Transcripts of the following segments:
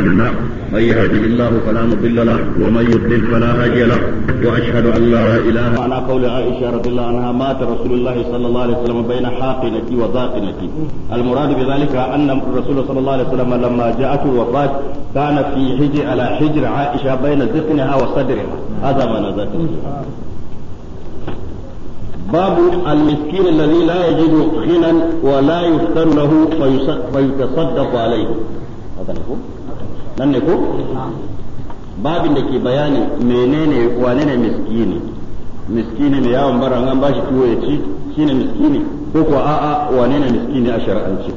لله من يهده الله فلا مضل له ومن يضلل فلا هادي له واشهد ان لا اله معنى قول عائشه رضي الله عنها مات رسول الله صلى الله عليه وسلم بين حاقنتي وباقنتي المراد بذلك ان الرسول صلى الله عليه وسلم لما جاءته الوفاه كان في حجر على حجر عائشه بين ذقنها وصدرها هذا ما نزلت باب المسكين الذي لا يجد غنى ولا يفتر له فيتصدق عليه هذا نقول nan ne ko babin da ke bayani menene wane ne miskini miskini mai yawon bara an ba shi tuwo ya ci ne miskini ko kuwa a'a wane ne miskini a shar'ance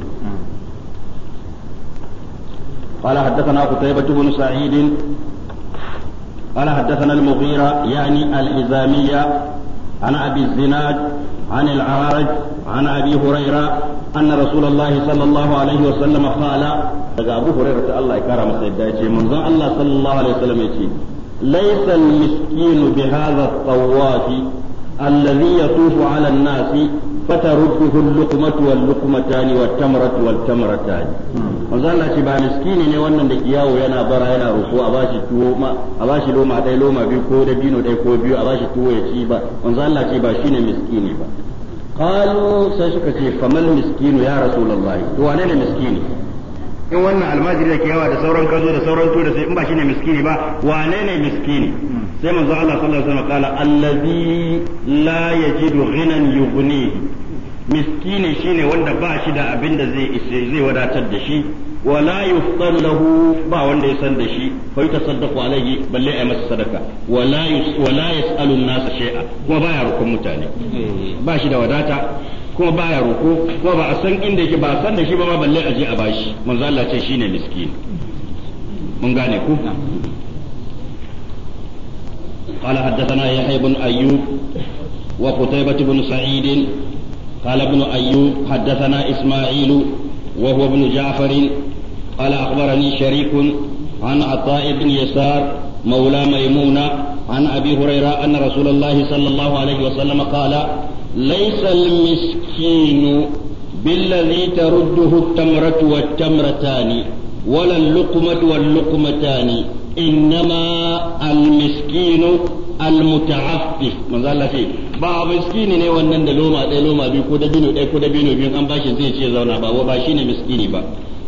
قال حدثنا قتيبة بن سعيد قال حدثنا المغيرة يعني الإزامية عن أبي الزناد عن العرج عن أبي هريرة أن رسول الله صلى الله عليه وسلم قال daga Abu Hurairah ta Allah ya kara masa yadda yace manzon Allah sallallahu alaihi wasallam yace laysa al-miskin bi hadha at-tawaf alladhi yatufu 'ala an-nas fatarudduhu al-luqmatu wal-luqmatan wat-tamratu wal-tamratan manzon Allah ce ba miskini ne wannan da kiyawo yana bara yana ruku a bashi tuwo a bashi loma ko da ko biyu a bashi tuwo ya ci ba manzon ba shine miskini ba qalu sai suka ce famal miskinu ya rasulullah to wane ne miskini in wannan almajiri da ke yawa da sauran kazo da sauran to da sai in ba shine miskini ba wane ne miskini sai manzo Allah sallallahu alaihi wasallam qala allazi la yajidu ghinan yughnihi miskini shine wanda ba shi da abin da zai zai wadatar da shi wala yuftan lahu ba wanda ya san da shi fa yutasaddaqu alayhi balle ay masa sadaka wala wala yasalu an-nas shay'a kuma baya roƙon mutane hmm. ba shi da wadata kuma baya roƙo kuma ba a san inda yake ba a san da shi ba ma balle a je a bashi manzo Allah ce shi ne miskin mun gane ku قال حدثنا يحيى بن أيوب وقتيبة بن سعيد قال ابن أيوب حدثنا إسماعيل وهو ابن جعفر قال أخبرني شريك عن عطاء بن يسار مولى ميمونة عن أبي هريرة أن رسول الله صلى الله عليه وسلم قال ليس المسكين بالذي ترده التمرة والتمرتان ولا اللقمة واللقمتان إنما المسكين المتعفف من قال فيه ba miskini ne wannan da loma ɗaya loma biyu ko dabino ɗaya ko dabino biyu an bashi zai ce zauna ba wa ba shine miskini ba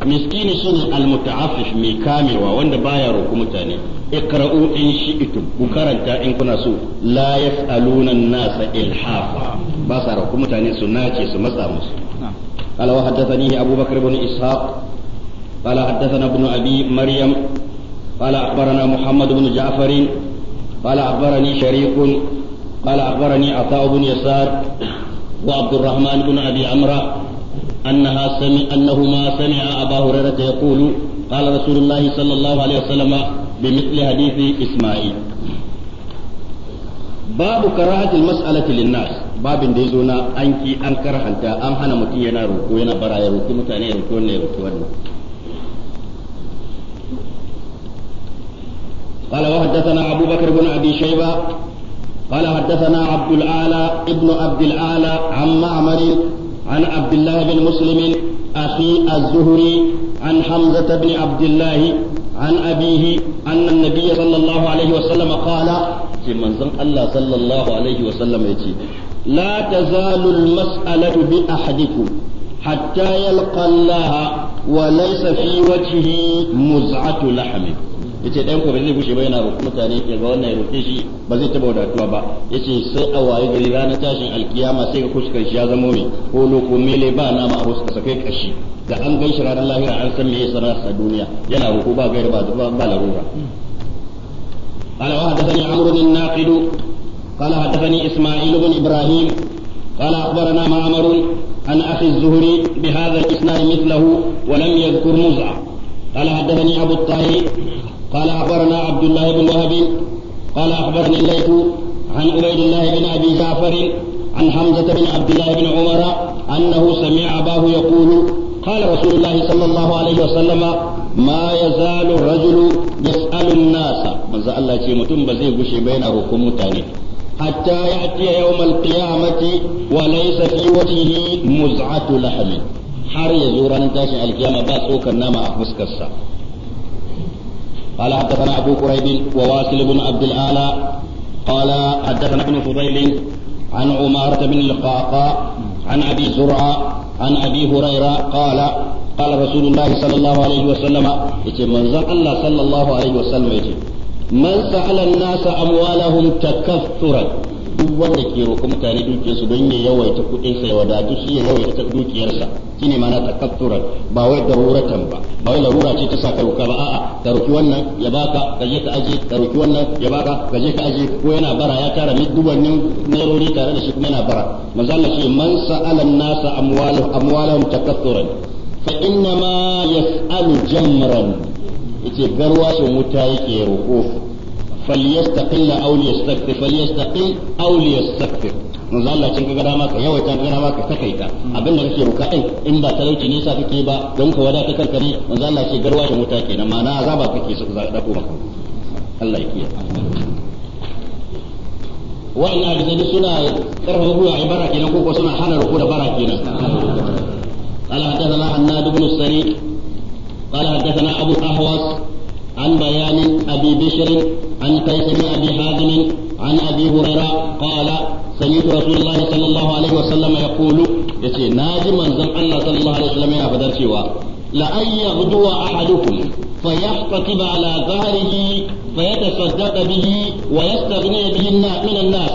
miskini shine almuta'afif mai kamewa wanda baya roƙo mutane ikra'u in shi'tum ku karanta in kuna so la yas'aluna an-nasa ilhafa ba sa roƙo mutane su nace su matsa musu قال وحدثني أبو بكر بن إسحاق قال حدثنا ابن أبي مريم قال أخبرنا محمد بن جعفر قال أخبرني شريك قال أخبرني عطاء بن يسار وعبد الرحمن بن أبي عمرو أنها سمع أنهما سمع أبا هريرة يقول قال رسول الله صلى الله عليه وسلم بمثل حديث إسماعيل باب كراهة المسألة للناس babin da ya zo na an ki an karhanta an hana mutum yana roƙo yana bara ya roƙi mutane ya roƙi wannan ya roƙi wannan قال وحدثنا أبو بكر بن أبي شيبة قال حدثنا عبد الأعلى ابن عبد الأعلى عن معمر عن عبد الله بن مسلم أخي الزهري عن حمزة بن عبد الله عن أبيه أن النبي صلى الله عليه وسلم قال في منزل الله صلى الله عليه وسلم يتي لا تزال المسألة بأحدكم حتى يلقى الله وليس في وجهه مزعة لحم yace dan ku zai gushe ba yana roƙi mutane ya ga wannan ya shi ba zai taɓa wadatuwa ba yace sai a waye gari ranar tashin alkiyama sai ga kuskar ya zama mai ko loko mele ba nama a wasu kasafe kashi da an gan shi ranar lahira an san me ya sanarsa duniya yana roƙo ba gaira ba ba larura قال وحدثني عمرو الناقد قال حدثني اسماعيل بن ابراهيم قال اخبرنا معمر عن اخي الزهري بهذا الاسناد مثله ولم يذكر مزع قال حدثني ابو الطاهر قال أخبرنا عبد الله بن وهب قال أخبرني الليث عن عبيد الله بن أبي جعفر عن حمزة بن عبد الله بن عمر أنه سمع أباه يقول قال رسول الله صلى الله عليه وسلم ما يزال الرجل يسأل الناس من زال الله شيء متم بزي بشي بين أروكم متاني حتى يأتي يوم القيامة وليس في وجهه مزعة لحم har ya zo ranar tashin alkiyama ba tsokar nama a fuskarsa قال حدثنا أبو كريب وواصل بن عبد الأعلى قال حدثنا ابن فضيل عن عمارة بن القعقاع عن أبي زرعة عن أبي هريرة قال قال رسول الله صلى الله عليه وسلم يجي من الله صلى الله عليه وسلم يجي من سأل الناس أموالهم تكثرا duk wanda ke roƙo mutane dukiyarsu don ya yawaita kuɗinsa ya wadatu shi ya yawaita dukiyarsa shine mana takaftura ba wai daruratan ba ba wai larura ce ta sa ka roƙa ba a'a ka roƙi wannan ya baka ka je ka aje ka roƙi wannan ya baka ka je ka aje ko yana bara ya tara dubannin nerori tare da shi kuma yana bara mazalla shi ce man sa'ala nasa amwalahum amwalahum takatturan fa innama yas'alu jamran yace garwashin wuta yake roƙo فليستقل أو ليستكثر فليستقل أو ليستكثر manzo Allah cin kaga dama ka yawaita kaga dama ka takaita abinda kake roka in ba talauci ne sa kake ba don ka wadata kanka ne manzo Allah ce garwa da wuta kenan ma'ana azaba kake so za ka dako maka Allah ya kiyaye wa'annan aljanu suna karfafa gwiwa ibara kenan suna hana ruku da bara na قال حدثنا حناد بن السري قال حدثنا أبو الأحوص عن بيان أبي بشر عن قيس بن ابي حازم عن ابي هريره قال سمعت رسول الله صلى الله عليه وسلم يقول يتي ناجي زم الله صلى الله عليه وسلم يا بدر شيوا لأن يغدو أحدكم فيحتطب على ظهره فيتصدق به ويستغني به من الناس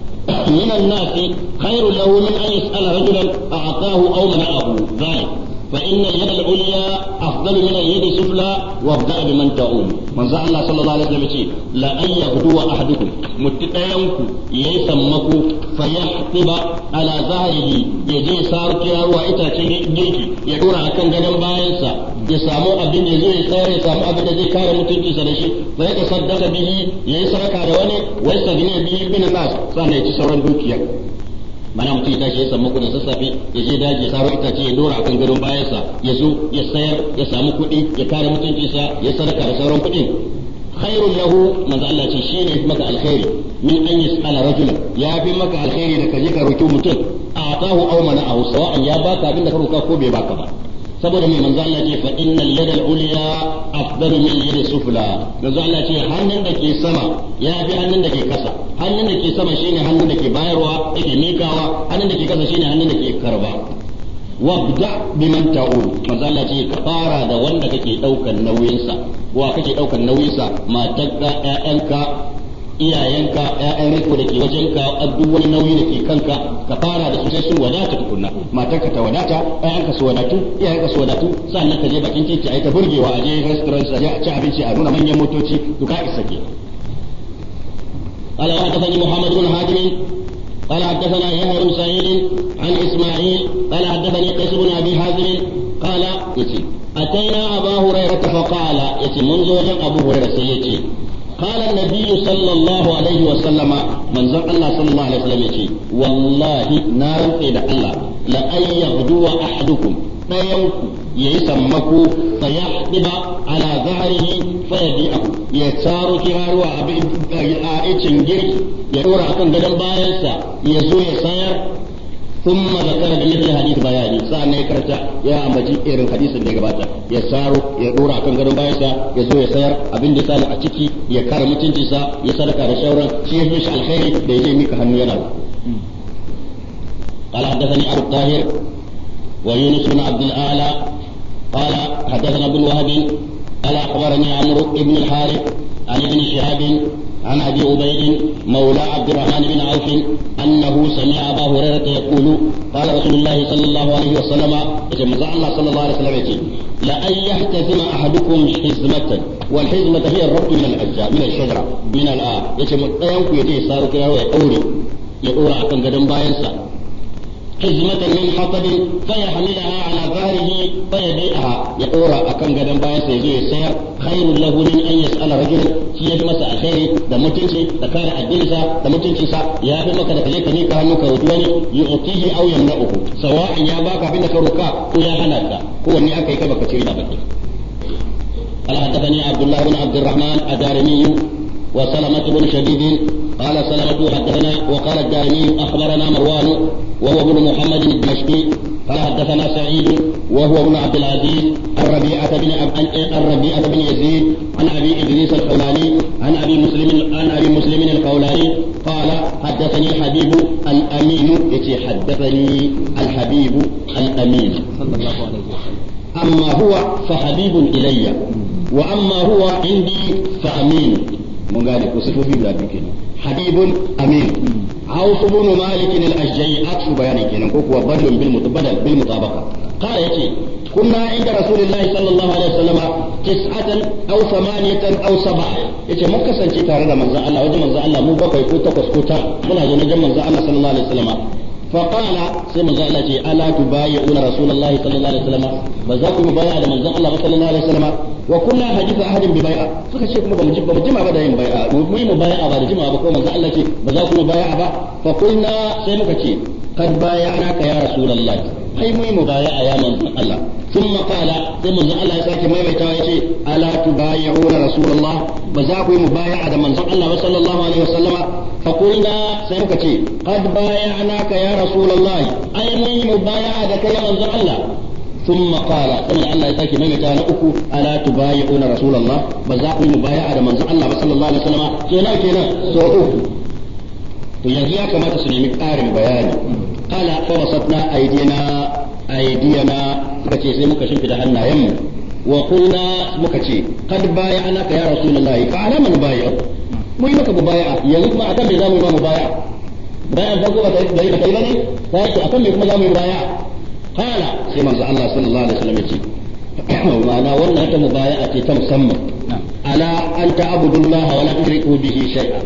من الناس خير له من أن يسأل رجلا أعطاه أو منعه ذلك فإن اليد العليا أفضل من اليد السفلى وابدأ بمن تعوم من زعل الله صلى الله عليه وسلم شيء لا أن يغدو أحدكم متقينكم يسمكم فيحطب على ظهره يجي سار كيا وإتا تيجي يدور أكن جنب بايسا يسامو أبن يزوي يسار يسامو أبن يزوي كار متنجي سنشي فيتصدق به يسرك على وني ويستغني به من الناس سنة يتسرن دوكيا mana mutum ya tashi ya samu kudin sassafe ya je daji ya saro itace ya dora akan gadon bayansa ya zo ya sayar ya samu kuɗi ya kare mutuncinsa ya sadaka da sauran kuɗin khairun lahu manzo Allah ce shine maka alkhairi min an yas'ala rajula ya fi maka alkhairi da kaje ka roki mutum atahu aw mana'ahu sawa'an ya baka abin da ka roka ko bai baka ba saboda mai manzo Allah ce fa innal yada al-ulya afdalu min yadi sufla manzo Allah ce hannun da ke sama ya fi hannun da ke kasa hannun da ke sama shine hannun da ke bayarwa yake mikawa hannun da ke kasa shine hannun da ke karba wabda biman ta'ul manzo Allah ce ka fara da wanda kake daukan nauyinsa wa kake daukan nauyinsa matarka ƴaƴanka iyayenka ƴaƴan riko da ke wajenka duk wani nauyi da ke kanka ka fara da su sai sun wadata tukunna matarka ta wadata ƴaƴanka su wadatu iyayenka su wadatu sannan ka je bakin titi ai ta burgewa a je restaurant a je a ci abinci a nuna manyan motoci duka isa ke قال وحدثني محمد بن حاتم قال حدثنا يحيى بن سعيد عن اسماعيل قال حدثني قيس بن ابي حازم قال اتينا ابا هريره فقال يتي منذ ابو هريره سيتي قال النبي صلى الله عليه وسلم من زق الله صلى الله عليه وسلم يتي والله نار إلى الله لأن يغدو أحدكم ɗayanku ya yi sammako fa ya ɗiba ala zaharihi fa ya bi'a ya tsaro kiraruwa a iccen girki ya ɗora akan gadon bayansa ya zo ya sayar thumma zakara da yake hadisi bayani sannan ya karta ya ambaci irin hadisin da ya gabata ya saro ya dora akan gadon sa ya zo ya sayar abin da sani a ciki ya kare mutunci sa ya sadaka da shauran shi ya shi alheri da yake mika hannu yana ku قال حدثني أبو الطاهر ويونس بن عبد الأعلى قال حدثنا ابن وهب قال أخبرني عمرو بن الحارث عن ابن شهاب عن ابي عبيد مولى عبد الرحمن بن عوف انه سمع ابا هريره يقول قال رسول الله صلى الله عليه وسلم جمع الله صلى الله عليه وسلم لأن يحتزم أحدكم حزمة والحزمة هي الربط من الأشجار من الشجرة من الآب يجمع الطيب يجي صار كده ويقول يقول أكن قدم باينسا قزمة من حطب فيحملها على ظهره فيبيعها يقول أكم قدم بايس يجي السير خير له من أن يسأل رجل شيء مسا الخير ده متنسي ده كان أدنسا ده متنسيسا يا أخي ما كان تليك نيك هنوك وتواني يعطيه أو يمنعه سواء يا باك بينك ركا ويا هنالك هو أني أكي كبك تشيرنا بدي قال حدثني عبد الله بن عبد الرحمن الدارمي وسلمة بن شديد قال سلمة حدثنا وقال الدارمي أخبرنا مروان وهو ابن محمد الدمشقي قال حدثنا سعيد وهو ابن عبد العزيز الربيعة بن الربيعة بن يزيد عن أبي إدريس الحولاني عن أبي مسلم عن أبي مسلم القولاني قال حدثني الحبيب الأمين يتي حدثني الحبيب الأمين صلى الله عليه وسلم أما هو فحبيب إلي وأما هو عندي فأمين mun gane ko sifofi guda biyu kenan habibun amin aws ibn malik al-ashja'i aksu bayanin kenan ko kuwa badal bil mutabadal bil mutabaqa qala yace kunna inda rasulullahi sallallahu alaihi wasallam tis'atan aw thamaniyatan aw sab'a yace mun kasance tare da manzon Allah wajen manzon Allah mu bakwai ko takwas ko tara muna zo jan manzon Allah sallallahu alaihi wasallam فقال سيما قال لك ألا تبايعون رسول الله صلى الله عليه وسلم بذاكم بايع من الله صلى الله عليه وسلم wa kunna hadithu ahadin bi bai'a suka ce kuma bamu bamu jima ba da yin bai'a mu yi mu bai'a ba da jima ba ko manzo Allah ce ba za ku mu bai'a ba fa kunna sai muka ce kad bai'ana ka ya rasulullahi ai mu yi mu bai'a ya manzo Allah thumma qala sai manzo Allah ya sake maimaita ya ce ala tubayyi'una rasulullah ba za ku yi mu bai'a da manzo Allah sallallahu alaihi wasallama fa kunna sai muka ce kad bai'ana ka ya rasulullahi ai mu mu bai'a da kai ya manzo Allah ثم قال قل الله يتاكي من كان أكو ألا تبايعون رسول الله بزاق مبايعة من الله صلى الله عليه وسلم كنا كنا سوء to yanzu ya kamata su nemi ƙarin bayani kala fawasatna aidina aidiyana suka ce sai muka shimfida hannayenmu wa muka ce kad ana ka ya rasulullahi fa ala man baya mu yi maka mubaya'a yanzu kuma akan me zamu yi ba mubaya'a bayan farko ba ta yi ba ne ta yake akan me kuma zamu yi mubaya'a قال سيما الله صلى الله عليه وسلم وانا ولا تمبايا مبايعتي تم سمم نعم. الا أن عبد الله ولا تشرك به شيئا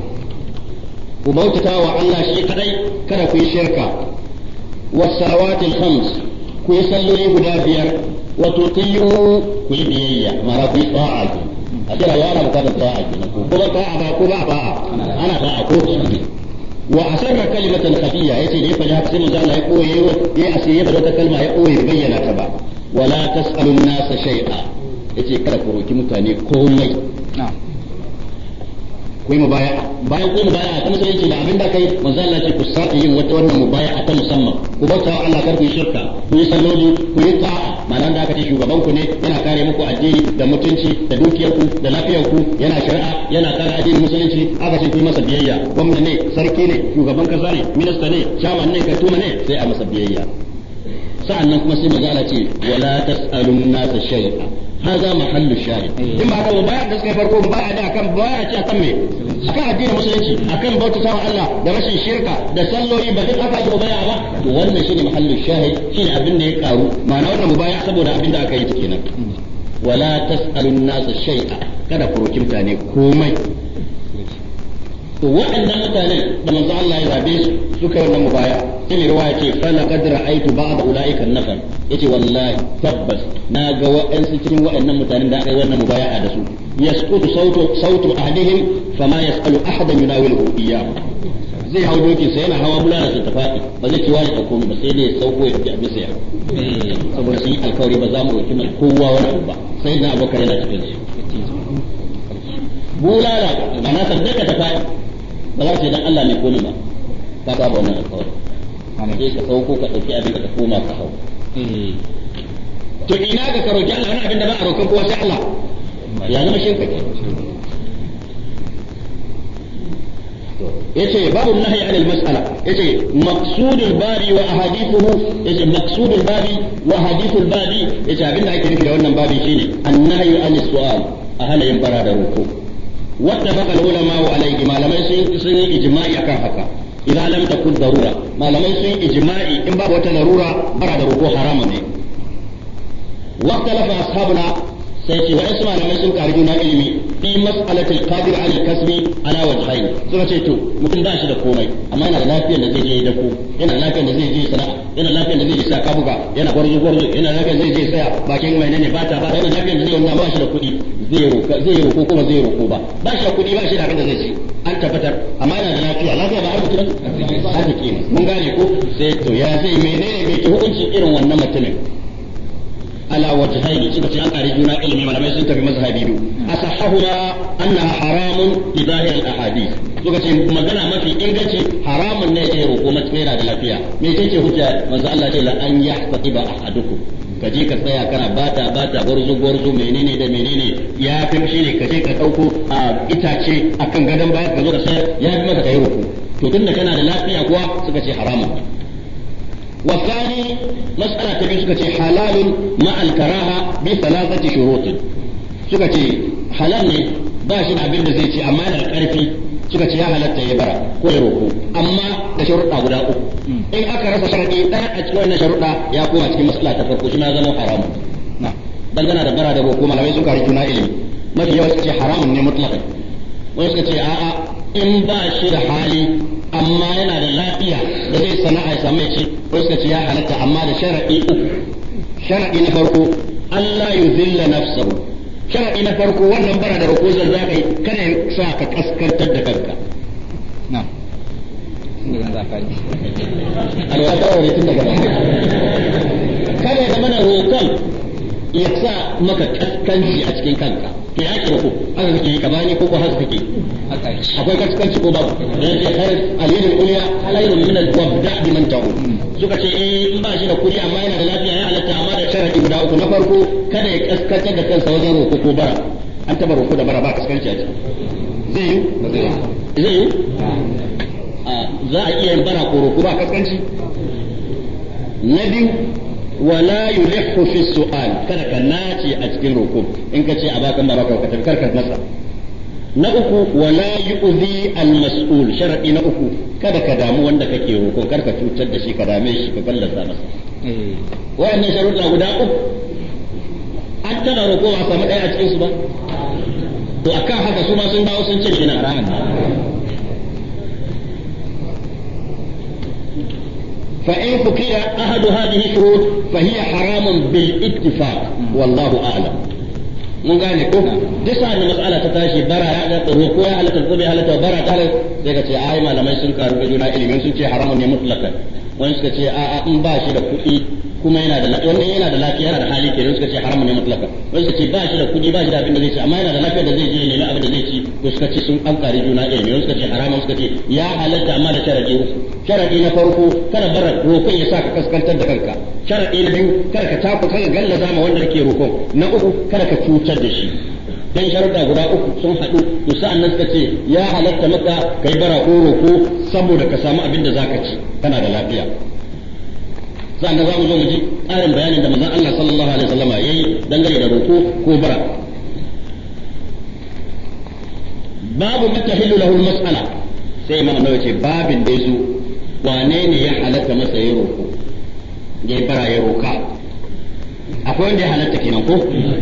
وموتك وعلى شيء كذي كان في شركة والصلوات الخمس كي يصلي بنابير وتطيعه كي بيئية ما ربي طاعة أجل يا رب كان طاعة أجل كل طاعة باكو باكو أنا طاعة كوش wa asarra kalimatan khafiyya yace da ya faɗi haka sai manzo Allah ya koye ya asiri ya faɗi wata kalma ya koye bayyana ta ba wala tasalun nasa shay'a yace kada ku roki mutane komai kuyi yi mubaya'a bayan ku mubaya'a sai musulunci da abin da kai manzo Allah ce ku yin wata wannan mubaya'a ta musamman ku bauta wa Allah kar ku shirka ku yi salloli ku yi ta'a malan da aka ce shugaban ku ne yana kare muku addini da mutunci da dukiyar ku da lafiyar ku yana shari'a yana kare addinin musulunci aka ce ku yi masa biyayya gwamna ne sarki ne shugaban kasa ne minista ne shaman ne katuma ne sai a masa biyayya sa'annan kuma sai manzo Allah ce wala tasalun nasa shay'a haza mahallu shari in ma ga ba da sai farko ba da kan ba ya ci akan me suka haɗe musulunci akan ba ta Allah da rashin shirka da salloyi ba duk aka ga bayar ba wannan shine mahallu shari shi abin da ya karu ma wannan mu baya saboda abin da aka yi kenan wala tasalun nasu shay'a kada ku rokin ta ne komai to waɗannan mutanen da manzo Allah ya zabe su suka yi wannan mubaya sai mai ruwa yace fa laqad ra'aytu ba'd ulaika nafar yace wallahi tabbas na ga waɗansu cikin waɗannan mutanen da aka yi wannan mubaya'a da su yasqutu sautu sautu ahdihim fama yasalu ahadan yunawilu iyyahu zai hau doki sai yana hawa bulala ta tafaɗi ba zai ciwa da komai ba sai dai sauko ya tafi a bisa saboda sun yi alkawari ba za mu roki mai kowa wani abu ba sai na abokan yana cikin su bulala ana sadaka tafaɗi ba za ka ce dan Allah ne komai ba ka ba wannan alƙawari sai ka sauko ka ɗauki abin da ka koma ka hau hmm. to ina ga ka roƙi Allah wani abin da ba a roƙon kowa sai Allah ya zama shi ka yace babu nahi an almas'ala masala yace maqsud babi wa ahadithuhu yace maqsud babi wa hadith babi yace abinda ake nufi da wannan babi shine an-nahyu an-su'al a hana yin bara da ruku' wattafaqa ulama alayhi malamai sun sun yi ijma'i akan haka idan lam takun darura malamai sun ijma'i in ba wata larura bara da ruku haramun ne waqtalafa ashabuna sai ce wa isma malamai sun kari na ilimi fi mas'alatil qadir al kasbi ala wajhayn suka ce to mutum ba shi da komai amma yana da lafiyar da zai je da ku yana lafiyar da zai je sana'a yana lafiyar da zai je saka buga yana gwarzo gwarzo yana lafiyar da zai je saya bakin mai ne bata ba yana lafiyar da zai wannan ba shi da kuɗi zai roƙa zai roƙo kuma zai ko ba ba shi da kuɗi ba shi da abin da zai ci an tabbatar amma yana da lafiya lafiya ba arziki ba arziki mun gane ko sai to ya zai menene mai hukunci irin wannan mutumin ala wajhaini suka ce an kare juna ilimin malamai sun tafi mazhabi biyu asahahuma annaha haramun li zahir al suka ce magana mafi inganci haramun ne ya roƙo mace yana da lafiya me take hujja manzo Allah ce la an yahtaqiba ahadukum ka je ka tsaya kana bata bata gwarzo gwarzo menene da menene ya fi shi ka je ka dauko a itace akan gadon baya ka zo ka sayar ya fi maka kai roƙo to tunda kana da lafiya kuwa suka ce haramun والثاني مسألة تبي حلال مع الكراهة بثلاثة شروط سكتي حلال ne ba shi da abin da zai ci amma da karfi suka ce ya halatta ya bara ko ya roƙo amma da sharuɗa guda uku in aka rasa sharaɗi ɗaya a cikin wannan sharuɗa ya koma cikin masala ta farko suna na zama haramun dangana da bara da roko malamai sun kare juna ilimi mafi yawa suka ce haramun ne mutlaka wani suka ce a'a in ba shi da hali amma yana da lafiya sana'a ya samu ce ci ko suka ce ya halatta amma da shara'i uku shara'i na farko Allah yuzilla nafsahu shara'i na farko wannan bara da rukuzar zan zaka yi kada sa ka kaskantar da kanka na'am alwa ta wani tun daga kada ya zama roƙon ya sa maka kaskanci a cikin kanka ke ake roƙo haka kake yi kamar ne ko ko haka kake akwai kaskanci ko babu alilin uliya halayyun min al-wabda bi man ta'u hmm. suka ce eh in ba shi da kuɗi amma yana da lafiya ya halatta amma da sharadi guda uku na farko kada ya kaskantar da kansa wajen roƙo ko bara an taba roƙo da bara ba kaskanci a ciki zai yi zai yi ah, za a iya yin bara ko roƙo ba kaskanci na biyu Wala kada ولا يلح في السؤال كذا كناتي أتكين ركوب إنك تي ba ما بك وكتب كركز nasa. na uku wala yu'zi al-mas'ul shar'i na uku kada ka damu wanda kake roko kar ka cutar da shi ka dame shi ka ballanta masa wayannan sharuɗa guda uku an tana roko a samu ɗaya a cikin su ba to akan haka su ma sun dawo sun ce shi na ran ahadu hadhihi shurut fa hiya haramun bil ittifaq wallahu a'lam mun gane ko duk sa na mas'ala ta tashi bara ya da tsaro ko ya halatta ko bai halatta bara ta halatta sai ka ce ai malamai sun karu da juna ilimin sun ce haramun ne mutlaka wani suka ce a'a in ba shi da kuɗi kuma yana da lafiya wani yana da lafiya yana da hali kenan suka ce haramun ne mutlaka wani suka ce ba shi da kuɗi ba shi da abin da zai ci amma yana da lafiya da zai je ne abin da zai ci to suka ce sun an kare juna ne wani suka ce haramun suka ce ya halatta amma da sharadi uku sharadi na farko kada bar rokon ya sa ka kaskantar da kanka sharadi na biyu kada ka taku kada gallaza ma wanda yake rokon na uku kada ka cutar da shi dan sharuda guda uku sun haɗu to sai ka ce ya halatta maka kai bara ko roko saboda ka samu abin da zaka ci kana da lafiya sa'an nan za zo mu ji karin bayanin da manzon Allah sallallahu alaihi wasallama yayi dangane da roko ko bara babu hilu lahu mas'ala sai imam annabi ce babin da yazo wane ne ya halatta masa ya roko ya bara ya roka akwai wanda ya halatta kenan ko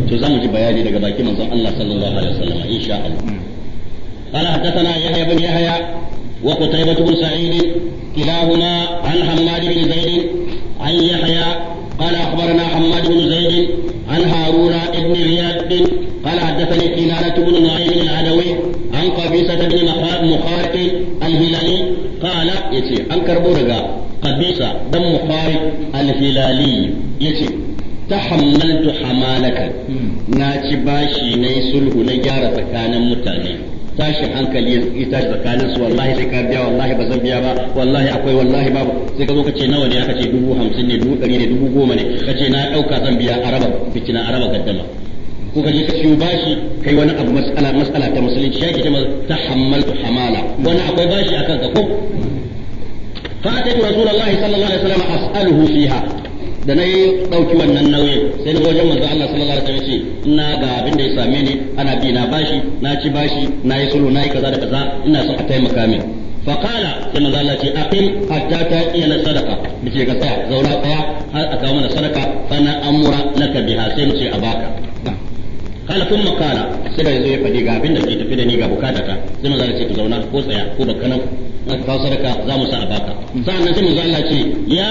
to zamu ji bayani daga baki manzon Allah sallallahu alaihi wasallam insha Allah قال حدثنا يحيى بن يحيى وقتيبة بن سعيد كلاهما عن حماد بن زيد عن يحيى قال أخبرنا حماد بن زيد عن هارون بن رياض قال حدثني كنانة بن نعيم العدوي عن قبيصة بن مخارق الهلالي قال يتي أنكر برغا قبيصة بن مخارق الهلالي يتي tahammaltu hamalaka hmm. na ci bashi na yi sulhu na gyara tsakanin mutane tashi hankali ya tashi tsakanin su wallahi sai ka biya wallahi ba zan biya ba wallahi akwai wallahi babu sai ka ce nawa ne aka ce dubu hamsin ne dubu ne dubu goma ne ce na ɗauka zan biya araba araba ko ka ka bashi kai wani abu mas'ala mas'ala ta musulunci ya ke ta hammaltu hamala wani akwai bashi akan ka ko فأتيت رسول الله صلى الله عليه وسلم أسأله da na yi ɗauki wannan nauyi sai da wajen manzo Allah sallallahu alaihi wasallam ya ce ina ga abin da ya same ni ana bi na bashi na ci bashi na yi sulu na yi kaza da kaza ina so a taimaka min Fakala kala ya manzo Allah ce a kai a ta iya na sadaka muke ga tsaya zauna tsaya har a kawo mana sadaka fa na amura na ka biha sai muke a baka kala kuma sai da yazo ya fadi ga abin da ke tafi da ni ga bukata ta sai manzo Allah ku zauna ko tsaya ko bakkanan ka sadaka za mu sa a baka sa'annan sai manzo Allah ce ya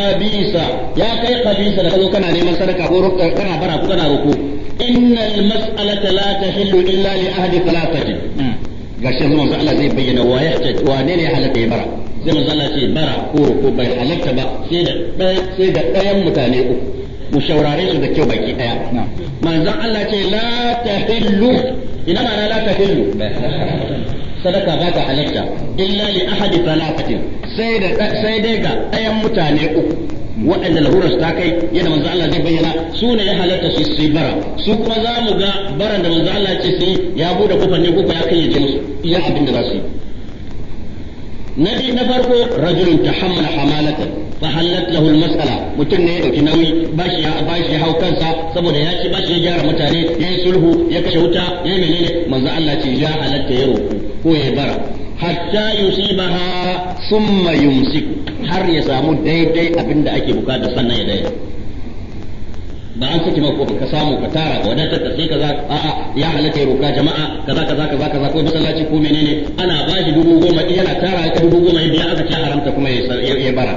qabisa ya kai qabisa da kazo kana neman sadaka ko kana bara ko kana roko innal mas'alata la tahillu illa li ahli thalathati gashi yanzu manzo Allah zai bayyana wa ya wane ne halaka ya bara sai manzo Allah ce bara ko roko bai halatta ba sai da sai da ɗayan mutane uku mu shaurare su da kyau baki daya manzon Allah ce la tahillu ina ma la tahillu sadaka ba ta halatta illa li ahadi talaqatin sai da sai dai ga ɗayan mutane uku waɗanda larurar ta kai yadda manzo Allah zai bayyana su ne ya halatta su su bara su kuma za mu ga baran da manzo Allah ce sai ya bude kofar kuka ya kai ya iya abin da za su na farko rajulun tahammala hamalatan fahallat halat lahu al-mas'ala mutum ne ya dauki nauyi bashi ya bashi hau kansa saboda ya ci bashi ya gyara mutane ya yi sulhu ya kashe wuta ya menene manzo Allah ce ya halatta ya roku ko ya bara hatta yusibaha thumma yumsiku har ya samu daidai abinda ake bukata sannan ya daidai ba an saki mako ka samu ka tara ka wadatar ka sai kaza a'a ya halatta ya roka jama'a kaza kaza kaza kaza ko masallaci ko menene ana ba shi dubu goma yana tara ka dubu goma ya biya aka ce haramta kuma ya bara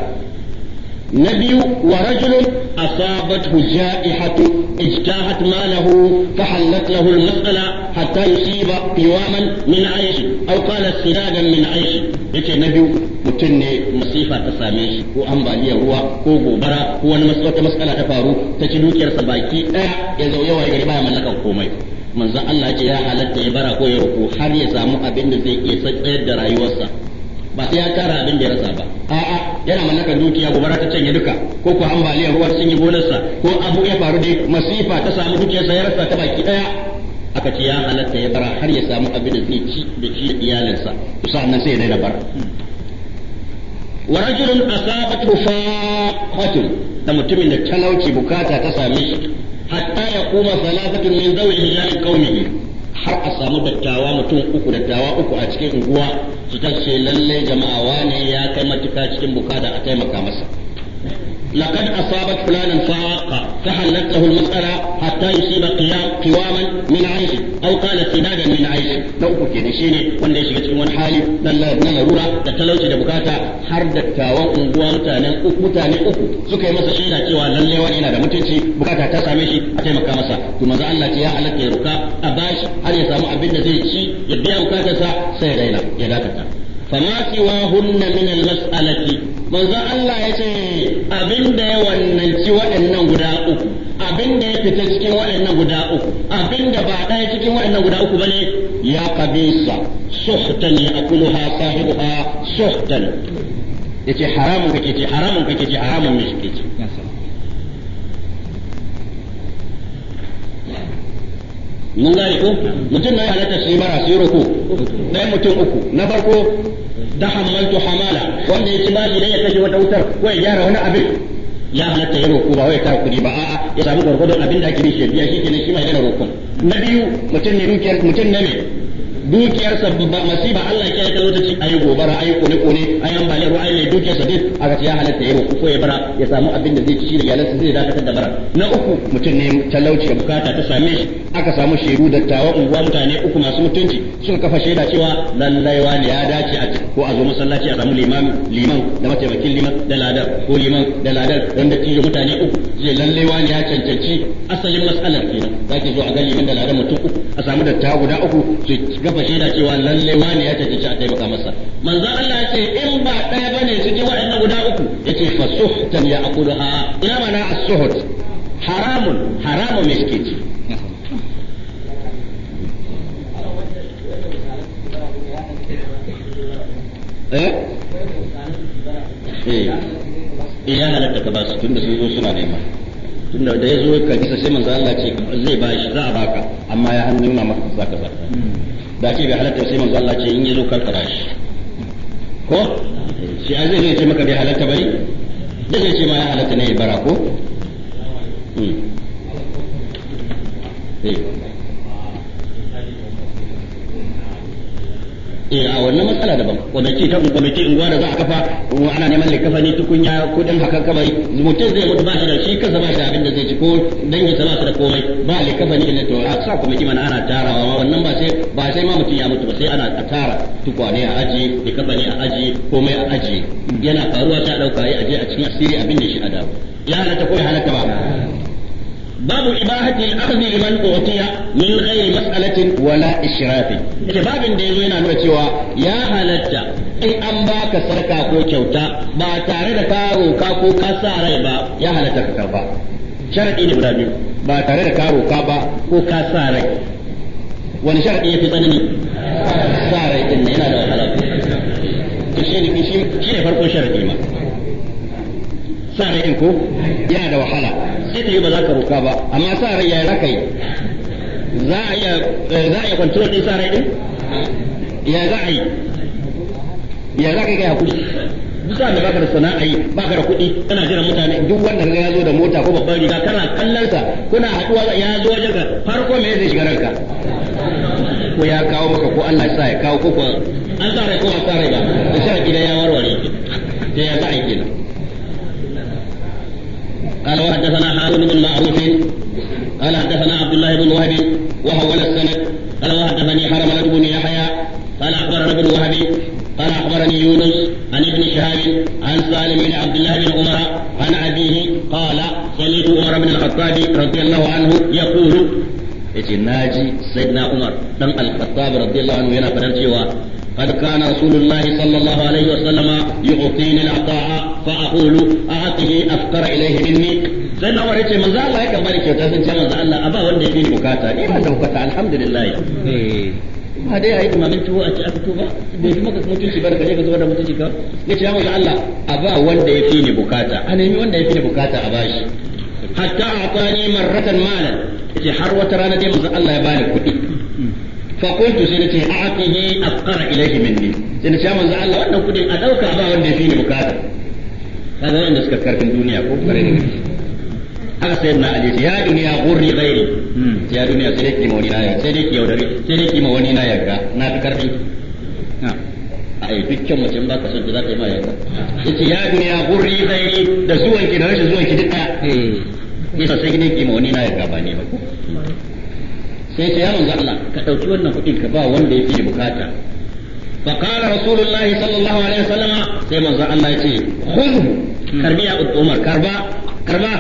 na biyu wa rajulun asabathu ja'ihatu اجتاحت ماله فحلت له المسألة حتى يصيب قواما من عيش أو قال سدادا من عيش yake na biyu mutum ne masifa ta same shi ko ambaliyar ruwa ko gobara ko wani wata matsala ta faru ta ci dukiyarsa baki ɗaya ya zo yawa gari baya mallakar komai manzon Allah ce ya halatta ya bara ko ya roƙo har ya samu abin da zai iya tsayar da rayuwarsa ba sai ya tara abin da ya rasa ba a'a yana mallakar dukiya gobara ta canye duka ko ko ambaliyar ruwa sun yi gonarsa ko abu ya faru dai masifa ta samu dukiyarsa ya rasa ta baki daya aka ce ya halatta ya bara har ya samu abin da zai ci da shi da iyalinsa nan sai ya daina bara wa rajulun asabatu faqatun da mutumin da talauci bukata ta same shi hatta ya kuma salatu min zawi ya qaumihi har a samu dattawa mutum uku dattawa uku a cikin unguwa su ce lallai jama'a wane ya kai matuka cikin da a taimaka masa لقد أصابت فلانا فاقة فحلت له المسألة حتى يصيب قيام قواما من عيشه أو aiki سدادا uku عيشه نوكو كده شيني wanda ya shiga cikin wani hali dan na larura da talauci da bukata har da tawon unguwa mutane uku mutane uku suka yi masa shaida cewa lalle wani yana da mutunci bukata ta same shi a taimaka masa to manzo Allah ya halatta ya roka a bashi har ya samu abin da zai ci ya biya bukatarsa sai ya daina ya dakata fama siwahunna min al manzo Allah ya ce abin da ya wannanci waɗannan guda uku abin da ya fita cikin waɗannan guda uku abin da ba ɗaya cikin waɗannan guda uku bane ya kabisa suhtan ya sahibu ha suhtan yace haramun kake ce haramun kake ce haramun ne shi ce mun gane ko mutum na yi halatta shi mara su yi ruku ɗaya mutum uku na farko da hamaltu hamala wanda ya ci bani dan ya kashe wata wutar ko ya gyara wani abin ya halatta ya roƙo ba wai ta kuɗi ba a'a ya samu gwargwadon abin da ake bi shi ya shi kenan shi ma yana roƙon na biyu mutum ne dukiyar mutum ne dukiyarsa babbar masiba Allah ya ci a yi gobara yi kone kone a yi an ruwa ayi dukiyarsa duk ga ta ya halatta ya roƙi ko ya bara ya samu abin da zai ci da sa zai dakatar da bara na uku mutum ne talauci da bukata ta same shi aka samu shaidu da tawa unguwa mutane uku masu mutunci suka kafa shaida cewa lallai wani ya dace a ko a zo masallaci a samu liman liman da mataimakin liman da ladar ko liman da ladar wanda tijo mutane uku zai lallai wani ya cancanci asalin mas'alar kenan zaki zo a ga liman da ladar mutum uku a samu dattawa guda uku su kafa shaida cewa lalle wani ya tafi ci a taimaka masa manzo Allah ya ce in ba ɗaya bane cikin waɗannan guda uku yace suhtan ya ha ina mana as-suhut haramun haramun miskici eh? Eh. eh ya halatta ka ba su tunda sun zo suna nema tunda da ya zo ka kisa sai manzo Allah ce zai ba shi za a baka amma ya hannu nuna maka zaka zaka baki bai halatta sai manzo Allah ce in yazo karkara shi ko shi a zai ce maka bai halatta bari da zai ce ma ya halatta ne bara ko hmm. eh eh a wannan matsala daban ce ta kwamiti unguwa da za a kafa ana neman likafa ne tukunya kudin haka kamar mutum zai mutu ba shi da shi kansa ba shi da abin da zai ci ko dangin sa ba shi da komai ba likafa ne to a sa kwamiti mana ana tarawa wannan ba sai ba sai ma mutum ya mutu ba sai ana tara tukwane a aji likafa ne a aji komai a aji yana faruwa ta dauka yi aje a cikin asiri abin da shi a dawo ya halatta ko ya halatta ba babu ibahati al-akhdhi liman utiya min ghairi mas'alatin wala israfin ke babin da yazo yana nuna cewa ya halatta in an baka sarka ko kyauta ba tare da ka roka ko ka sa rai ba ya halatta ka karba sharadi ne guda biyu ba tare da ka roka ba ko ka sa rai wani sharadi yafi ne. sa rai din yana da wahala shi ne shi ne farko sharadi ma sa rai ko yana da wahala sai ta yi ba za ka roka ba amma sa rai ya raka yi za a iya eh, za a iya control ɗin sa rai ɗin ya za a yi ya za ka yi hakuri bisa da baka da sana'a yi baka da kuɗi kana jira mutane duk wanda kaga ya zo da mota ko babban riga kana kallon sa kuna haɗuwa ya zo wajen ka farko me zai shiga ranka ko ya kawo maka ko Allah ya sa ya kawo ko an tsara ko ba tsara ba da sharadi da ya warware ke da ya za a yi kenan قال وحدثنا هارون بن معروف قال حدثنا عبد الله بن وهب وحول السند قال وحدثني حرملة بن يحيى قال اخبرنا ابن وهب قال اخبرني يونس عن ابن شهاب عن سالم بن عبد الله بن عمر عن ابيه قال سمعت عمر بن الخطاب رضي الله عنه يقول yace naji sayyidina Umar dan Al-Khattab radiyallahu anhu yana fadar cewa قد كان رسول الله صلى الله عليه وسلم يعطيني العطاء فأقول أعطه أفقر إليه مني sai na wani ce manzo Allah ya kamar kyauta sun ce manzo Allah a ba wanda ya fi bukata ni ba da bukata alhamdulillah ba dai a yi tumamin tuwo a ci aka tuba bai fi maka mutunci ba da kaje ka zubar da ka ya ce ya a ba wanda ya fi ni bukata a nemi wanda ya fi ni bukata a har wata rana dai manzo Allah ya bani kuɗi فقلت سنتي أعطه أفقر إليه مني سنتي يا من الله وأنا كنت أدوك أبا وأنا فيني بكاتب هذا أنا سكرت الدنيا كفر haka sai na ali ya duniya gurri gairi ya duniya sai dai kima na ya sai dai yaudare sai dai kima wani na yarda na fi karfi a yi dukkan mace ba ka son za ka yi ya duniya gurri da zuwanki da zuwanki sai dai na ba ne ba sai ta Allah ka ɗauki wannan kuɗin ka ba wanda yake bukata فقال رسول الله صلى الله عليه وسلم سيما الله يتي خذه كربية عمر كربا كربا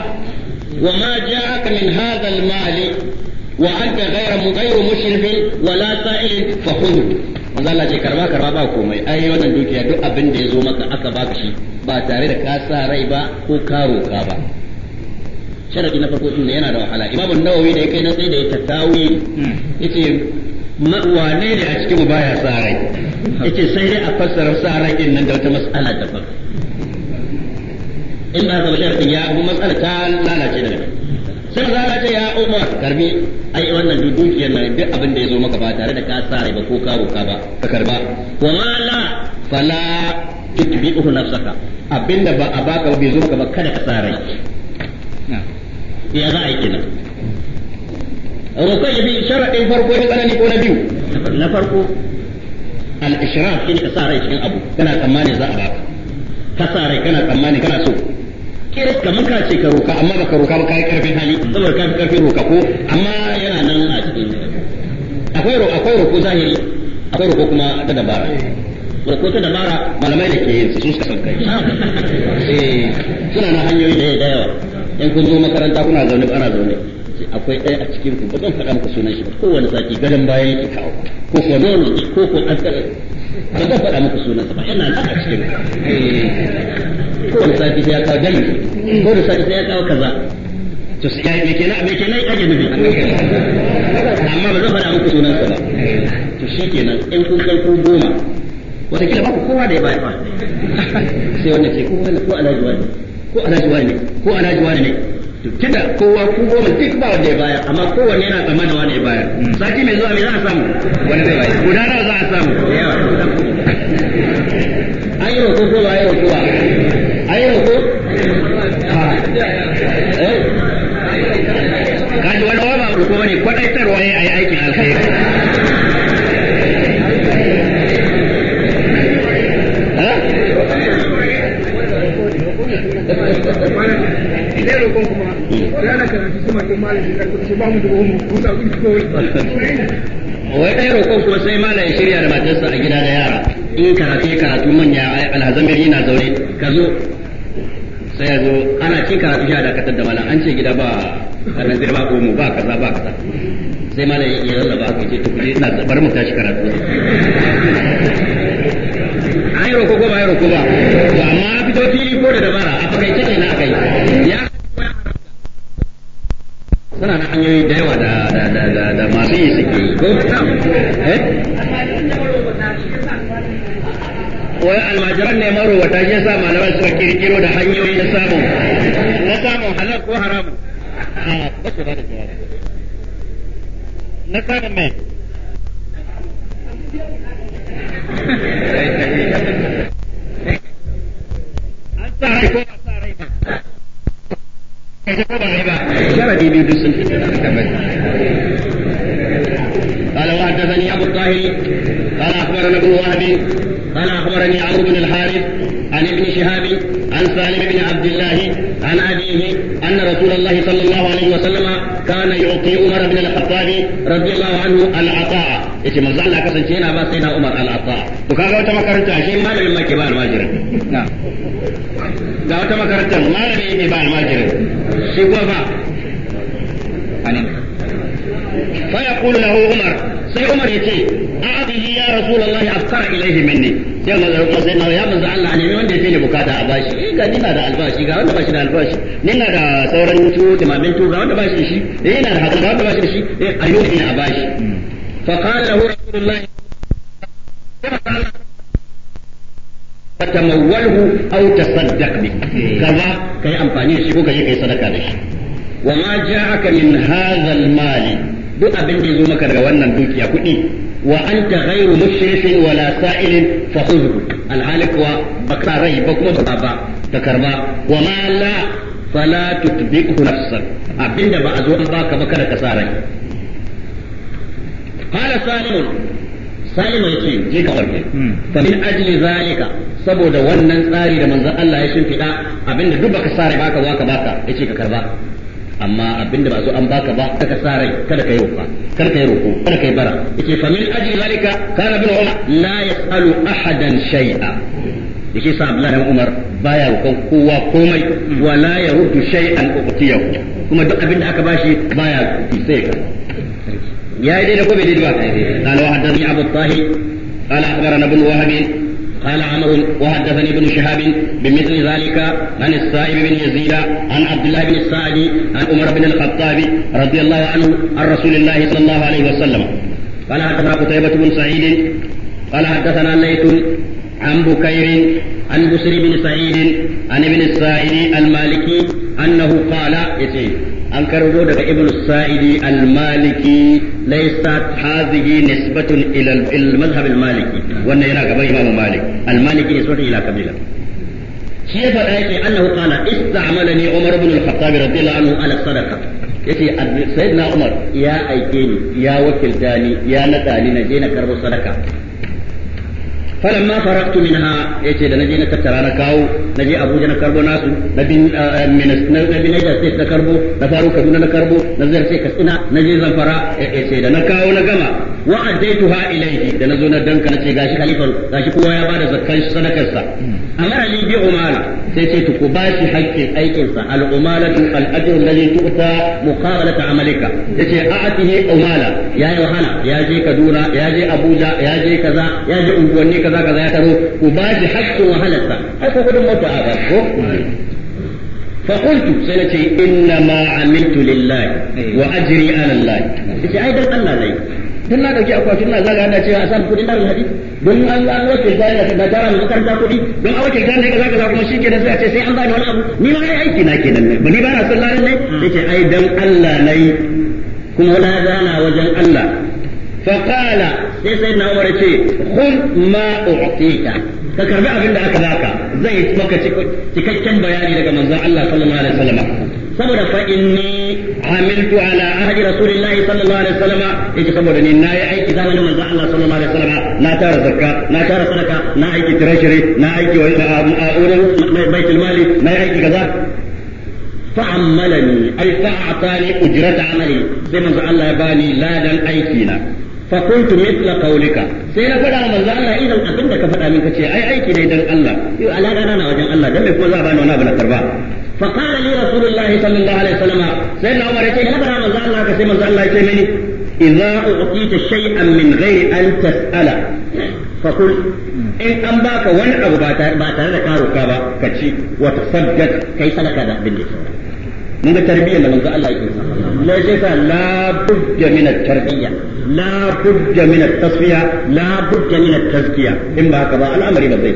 وما جاءك من هذا المال وأنت غير غير مشرف ولا سائل فخذه manzo Allah ce karba karba ba komai ai wannan dukiya duk abin da ya zo maka aka baka shi ba tare da ka sa rai ba ko ka roka ba sharadi na farko din yana da wahala imam an-nawawi da yake na sai da ya tawi yace wane ne a cikin mu baya sa rai yace sai dai a fassara sa rai din nan da wata mas'ala daban in ba zama sharadi ya abu mas'ala ta lalace daga sai za ce ya umar karbi ai wannan dukiyar nan duk abin da ya maka ba tare da ka sa rai ba ko ka roka ba ka karba wa la fala tutbi'uhu nafsaka abinda ba a baka ba bai zo maka ba kada ka sa rai ya za a yi kina roƙon ya bi sharaɗin farko na tsanani ko na biyu na farko al-ishraf shine ka sa rai cikin abu kana tsammani za a baka ka sa rai kana tsammani kana so kiris ka muka ce ka roka amma baka roka ba kai karfin hali saboda kai karfin roka ko amma yana nan a cikin akwai roko akwai roko zahiri akwai roko kuma ta dabara roko ta dabara malamai da ke yin su suka san kai eh suna na hanyoyi da yawa in kun zo makaranta kuna zaune ana zaune akwai ɗaya a cikin ku ba zan faɗa muku sunan shi ba kowane sati gadon baya yake kawo ko ko nono ko ko azkar ba zan faɗa muku sunan ba yana a cikin ku eh, kowane sati sai ya kawo dami kowane sati sai ya kawo kaza to sai ya kenan na kenan na ke nufi amma ba zan faɗa muku sunan sa ba to kenan in kun kai ku goma wata kila ba ku kowa da ya bayar ba sai wannan ce ko wani ko alaji wani ko alhaji ne ko ne to kida kowa ku goma duk ba wanda ya baya amma kowanne yana tsammanin wanda ya baya sati mai zuwa mai za a samu wani zai baya guda nawa za a samu an yi roƙo ko ba a roƙo ba an yi roƙo eh? kaji wani wani ba roƙo bane kwaɗaitarwa ya yi aikin alkhairi da ko wai ɗaya roƙon kuma sai ya shirya da matarsa a gida da yara in karatu ya karatu manya alhazamir gari na zaune ka zo sai ya zo ana cin karatu ya dakatar da mala an ce gida ba karnan zirba ko mu ba kaza ba kaza sai malam ya lallaba ka ce to ina bar mu tashi karatu yaro ko ba yaro to amma fito fili ko da dabara a na akai ya suna na hanyoyi da yawa da da da da da masu yi suke ko eh? wai almajiran ne malaman suka kirkiro da hanyoyi na samun na samun halal ko haramu na samun mai قال وحدثني ابو الطاهر قال اخبرنا ابن وهب قال اخبرني عمرو بن الحارث عن ابن شهاب عن سالم بن عبد الله عن أبيه أن رسول الله صلى الله عليه وسلم كان يعطي عمر بن الخطاب رضي الله عنه العطاء yace manzo Allah kasance yana ba sai na Umar al-Atta to kaga wata makaranta shi malamin ma ke ba almajirin ga wata makarantar malami ne ba almajirin shi kuma ba fa yaqulu lahu Umar sai Umar yace a'tihi ya rasulullahi afkara ilayhi minni yau na zarukan sai na ya manzo Allah wanda ya fi ni bukata a bashi eh ga ni na da albashi ga wanda bashi da albashi ni na da sauran tu tu ga wanda bashi da shi eh ina da ga wanda bashi da shi eh ayo a bashi fa qala lahu rasulullah fatamawwalhu aw tasaddaq bi kaza kai amfani da shi ko kai kai sadaka da shi wa ma ja'aka min hadha al-mali duk abin da ya zo maka daga wannan dukiya kuɗi wa anta ghayru mushrifin wala sa'ilin fa khudhu alhalik wa baka rai ba kuma ba ba ta karba wa ma la fala tutbiqhu nafsan abinda ba a zo an baka ba kada ka sa rai qala salim salim yace je ka warke hmm. fa min ajli zalika saboda wannan tsari da manzon Allah ya shimfida abinda duk baka sa rai baka baka baka yace ka karba amma abinda ba zo an baka ba kada sa rai kada kai roƙo kada kai roƙo kada kai bara yace fa min ajli zalika kana bin umar la yasalu ahadan shay'a yace sa Abdullahi Umar baya roƙon kowa komai wala ya rudu shay'an uqtiyahu kuma duk abinda aka bashi baya sai ka ya yi daidai ko bai daidai ba kai قال وحدثني abu tahi qala اخبرنا ابن وهب قال عمرو وحدثني ابن شهاب بمثل ذلك عن السائب بن يزيد عن عبد الله بن السعدي عن عمر بن الخطاب رضي الله عنه عن رسول الله صلى الله عليه وسلم قال حدثنا قتيبة بن سعيد قال حدثنا الليث عن بكير عن بسر بن سعيد عن ابن السائب المالكي أنه قال اسمه an karbo daga ibn sa'idi al-maliki laysa hadhihi nisbatun ila al-madhhab al-maliki wannan yana gaban imamu malik al-maliki nisbatun ila kabila shi ya faɗa yake annahu qala ista'malani umar ibn al-khattab radiyallahu anhu ala sadaqa yace sayyidina umar ya aike ni ya wakilta ni ya nada ni na je na karbo sadaka فلما فرقت منها يتي da naje na tattara na kawo naje Abuja na karbo nasu na bin na bin karbo na faru Kaduna na karbo na zarce Katsina naje Zamfara yace da na kawo na gama wa addaituha ilayhi da nazo na danka nace gashi khalifan gashi kowa ya bada zakkan shi sadakar sa amara li bi umala sai ce ku bashi haƙƙin aikin sa al umalatu al ajru alladhi tu'ta muqabalata amalika yace a'atihi umala ya yi wahala ya je kaduna ya je abuja ya je kaza ya je unguwanni kaza kaza ya taro ku bashi haƙƙin wahalarsa ai ko gudun mota a ba ko فقلت سنتي انما عملت لله واجري على الله. ايش ايضا الله لي. tun na dauki akwatin na zaga ana cewa a san kudin darul hadi don an an wace da ya da tara makaranta kudi don a wace da ne ka kaza kuma shikenan sai a ce sai an bani wani abu ni ma ai aiki na kenan ne ni ba na son lalle ne hmm. yace ai dan Allah nayi kuma na zana wajen Allah فقال sai sai na umar ce kun ma u'tika ka karbi abin da aka baka zai maka cikakken bayani daga manzon Allah sallallahu alaihi wasallam saboda fa inni amiltu ala ahdi rasulillahi sallallahu alaihi wasallam yace saboda ni nayi aiki zamanin manzo Allah sallallahu alaihi wasallam na tara zakka na tara sadaka na aiki treasury na aiki wa wurin baitul mali na aiki kaza fa'ammalani ay fa'atani ujrata amali sai manzo Allah ya bani ladan aiki na فقلت مثل قولك sai na faɗa manzo Allah idan abin da ka faɗa min kace ai aiki ne dan Allah yau alaka na na wajen Allah dan me kuma za a bani wani abu na karba فقال لي رسول الله صلى الله عليه وسلم سيدنا عمر يقول لقد رمز الله كثير من الله يتمني إذا أعطيت شيئا من غير أن تسأل فقل إن أن باك وان أبو باتر ذكارك با كتشي وتصدق كي سلك هذا بالنسبة من التربية لمن ذا الله يقول لا شيء لا بد من التربية لا بد من التصفية لا بد من التزكية إن باك با الأمر بذيك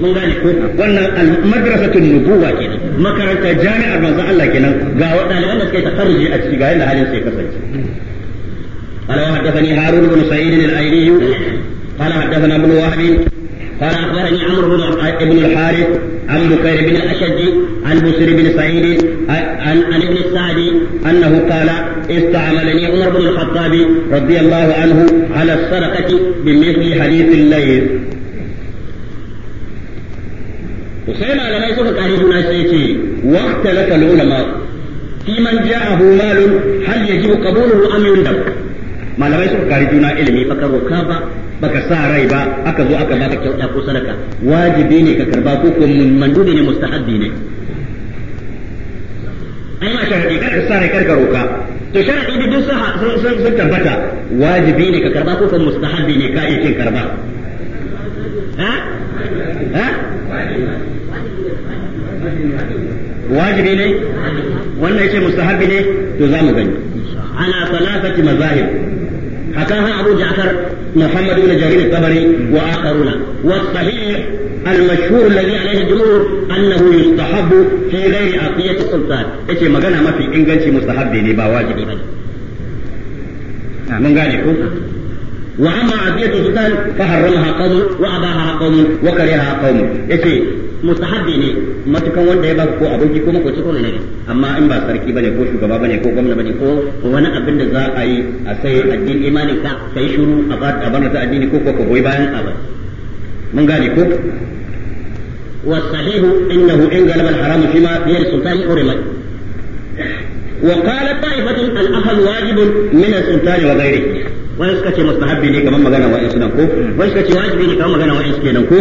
mun gane ko wannan madrasatun nubuwa kenan makaranta jami'ar manzon Allah kenan ga waɗanda da suka yi tafarruji a ciki ga yadda halin sai kasance قال وحدثني هارون بن سعيد الايلي قال حدثنا ابن وهب قال اخبرني عمرو بن الحارث عن بكير بن الاشج عن بشر بن سعيد عن عن ابن السعدي انه قال استعملني عمر بن الخطاب رضي الله عنه على الصدقه بمثل حديث الليل sai malamai suka kare juna sai ce wa talaka ulama fi man ja'ahu malun hal yajibu qabuluhu am yundab malamai suka kare juna ilimi baka roka ba baka sa rai ba aka zo aka baka kyauta ko sadaka wajibi ne ka karba ko ko mandubi ne mustahabbi ne ai ma sharadi kar sa rai kar roka to sharadi da duk sun tabbata wajibi ne ka karba ko ko mustahabbi ne ka iya karba ha wajibi ne wannan ce mustahabi ne to za mu gani ana salafati mazahir hakan ha abu ja'far muhammad ibn jarir al-tabari wa akharuna wa sahih al-mashhur alladhi alayhi jumhur annahu yustahabu fi ghairi aqiyat sultan yace magana mafi inganci mustahabi ne ba wajibi ba ah, mun gane ko wa amma aqiyat sultan fa harramaha qawm wa abaha qawm wa kariha qawm yace mustahabbi ne matukan wanda ya baka ko aboki ko makoci ko ne amma in ba sarki bane ko shugaba bane ko gwamna bane ko wani abin da za a yi a sai addini imanin ka sai shiru a ba a bana ta addini ko ko ko goyi bayan a ba mun gane ko والصحيح انه ان غلب urima wa qala السلطان al ahl wajibun min al من wa ghayrihi wani suka ce mustahabbi ne kamar magana wa nan ko wani suka ce wajibi ne kamar magana wa kenan ko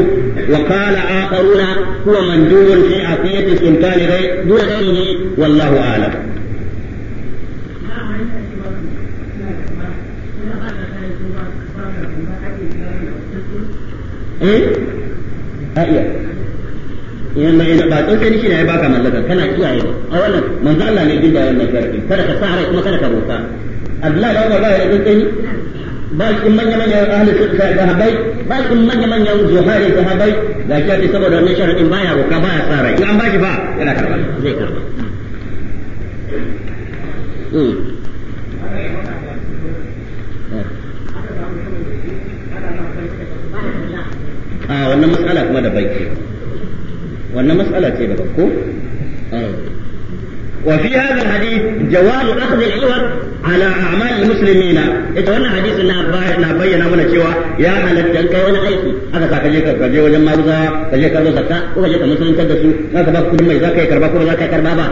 wa qala akharuna huwa mandubun fi afiyati sultan ghayr dai ghayrihi wallahu a'lam eh a iya in mai ba tsotsani shi ne ya baka mallaka kana iya kiyaye a wannan manzo Allah ne da wannan sharadi kada ka sa harai kuma kada ka roka Abdullahi da Umar ba ya tsotsani bakin manya-manyan manya ahli da habai bakin manya manya zuhari da habai da ake saboda ne sharadin baya roka baya sa rai in an baki ba yana karba zai karba a wannan matsala kuma da baiki wannan matsala ce daban ko وفي هذا الحديث جواز اخذ العوض على اعمال المسلمين ita wannan hadisin na na bayyana mana cewa ya halatta an kai wani aiki aka sa kaje ka je wajen maruza kaje ka zo zakka ko kaje ka musulunta da su ba kudin mai zaka yi karba ko ba karba ba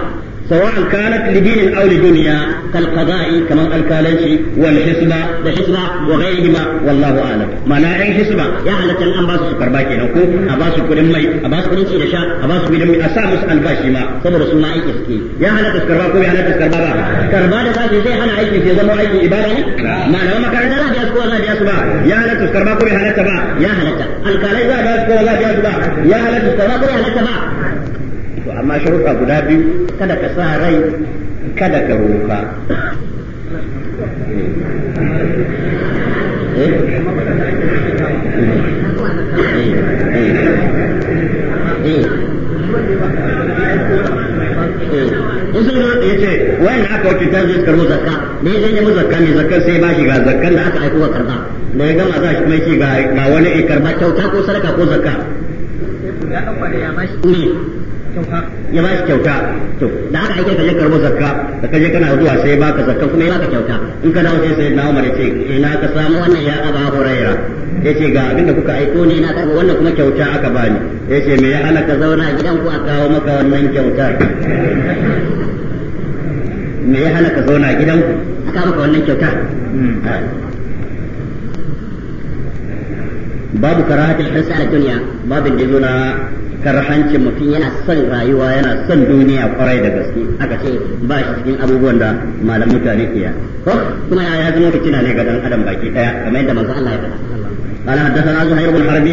سواء كانت لدين أو لدنيا كالقضاء كما كالنشي والحسبة الحسبة وغيرهما والله أعلم ما لا أي حسبة يا على تلقى باس سكر باكي نوكو أباس كرم مي أباس كرم سيد شاء أباس كرم مي أسامس الباشي ما سبب رسول الله إسكي يا على تسكر باكو يا على تسكر بابا كربا لباسي زي أنا عيكي في زمو عيكي إبارة ما لا ما كان لا بيأسكو لا بياسبا يا على تسكر باكو يا على تبا يا على الكالنشي لا بيأسكو لا بيأسكو يا على تسكر باكو يا على تبا to amma sharuɗa guda biyu kada ka sa rai kada ka roka eh? eh, eh, in ya ce wayan aka wakil zai karbo zakka da aka aiko ko ya ba shi kyauta to da karbo zakka da kaje kana zuwa sai baka zakka kuma ya kyauta in ka dawo sai sayyidina Umar ya ce ina ka samu wannan ya Aba ya ce ga abinda kuka aiko na karbo wannan kuma kyauta aka bani ya ce me ya ana ka zauna a gidan ku a kawo maka wannan me ya hana ka zauna a gidan ku a kawo maka wannan hmm. babu karahatul a duniya da karhanci mutum yana son rayuwa yana son duniya kwarai da gaske aka ce ba shi cikin abubuwan da malam mutane ke ko kuma ya zama ka fitina ne ga dan adam baki daya kamar yadda manzo Allah ya faɗa قال حدثنا زهير بن حرب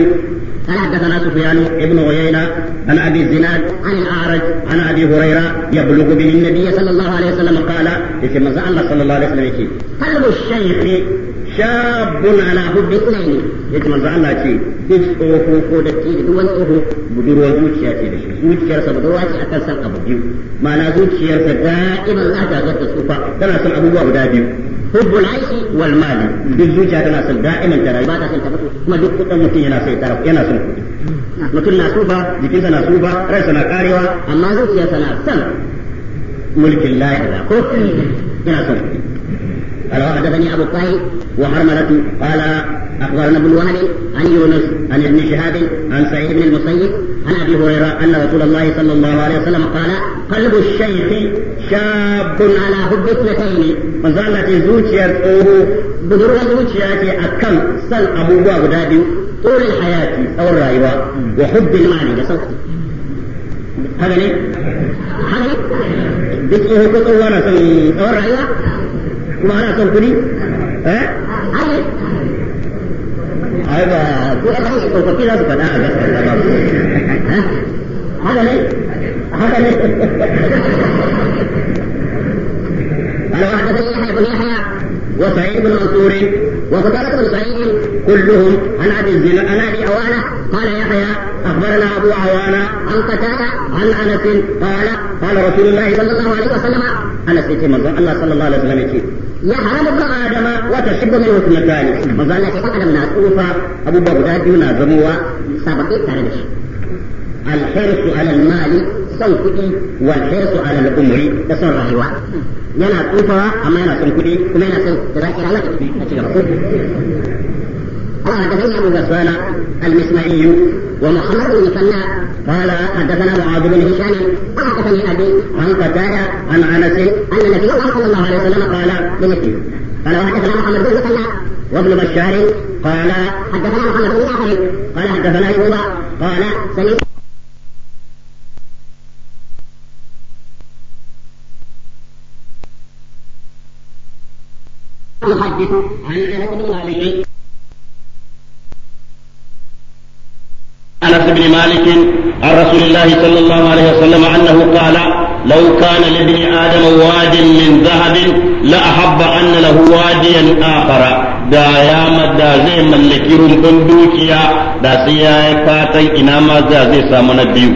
قال حدثنا سفيان بن عيينة عن أبي الزناد عن الأعرج عن أبي هريرة يبلغ به النبي صلى الله عليه وسلم قال يتم الله صلى الله عليه وسلم قلب الشيخ shabun ala hubbin ilmi ya ce manzo Allah ce duk tsoho ko da ce duk wani tsoho budurwar zuciya ce da shi zuciyarsa budurwa ce kan san abu biyu ma'ana zuciyarsa da'iman za ta zarta tsufa tana son abubuwa guda biyu hubbul aishi wal mali duk zuciya tana son da'iman ta rayuwa ta son ta mutu kuma duk kudin mutum yana son tara yana son kudi mutum na tsufa jikinsa na tsufa ransa na karewa amma zuciyarsa na son mulkin lahira ko ina son kudi قال وحدثني ابو الطيب وحرملة قال اخبرنا ابو الوهل عن يونس عن ابن شهاب عن سعيد بن المسيب عن ابي هريره ان رسول الله صلى الله عليه وسلم قال قلب الشيخ شاب على حب اثنتين وظلت زوجي الطوب بدرغ زوجي اكم سل ابو بواب طول الحياه او الرايوة وحب المال لصوتي هذا ليه؟ هذا ليه؟ بيطوه كطوه نسل او الرايوة معنى تنقلي ها هذا كده كان قاعد هذا ليه هذا ليه انا واحد يحيى بن يحيى وسعيد بن منصور وفضالة بن سعيد كلهم عن ابي الزنا عن ابي عوانه قال يحيى اخبرنا ابو عوانه عن قتاده عن انس قال قال رسول الله صلى الله عليه وسلم انس يتي الله صلى الله عليه وسلم يتي ابن آدم وتشب منه في مكانه مزالة شيطان آدم ناسوفا أبو بغداد يونا زموا سابقه إيه؟ تاردش الحرص على المال سنكدي والحرص على الامور تسن رهيوة ينا كوفا أما ينا سنكدي كما ينا سنكدي لا تشير رسول الله تسن ومحمد بن قال حدثنا معاذ بن هشام قال حدثني ابي عن قتاده عن انس ان النبي صلى الله عليه وسلم قال بمثله قال وحدثنا محمد بن مثنى وابن بشار قال حدثنا محمد بن جعفر قال حدثنا ايوب قال سمعت يحدث عن انس بن مالك انس بن مالك عن رسول الله صلى الله عليه وسلم انه قال لو كان لابن ادم واد من ذهب لاحب ان له واديا اخر da ya da zai mallaki rumbun dukiya da sai ya yi fatan ina ma zai samu na biyu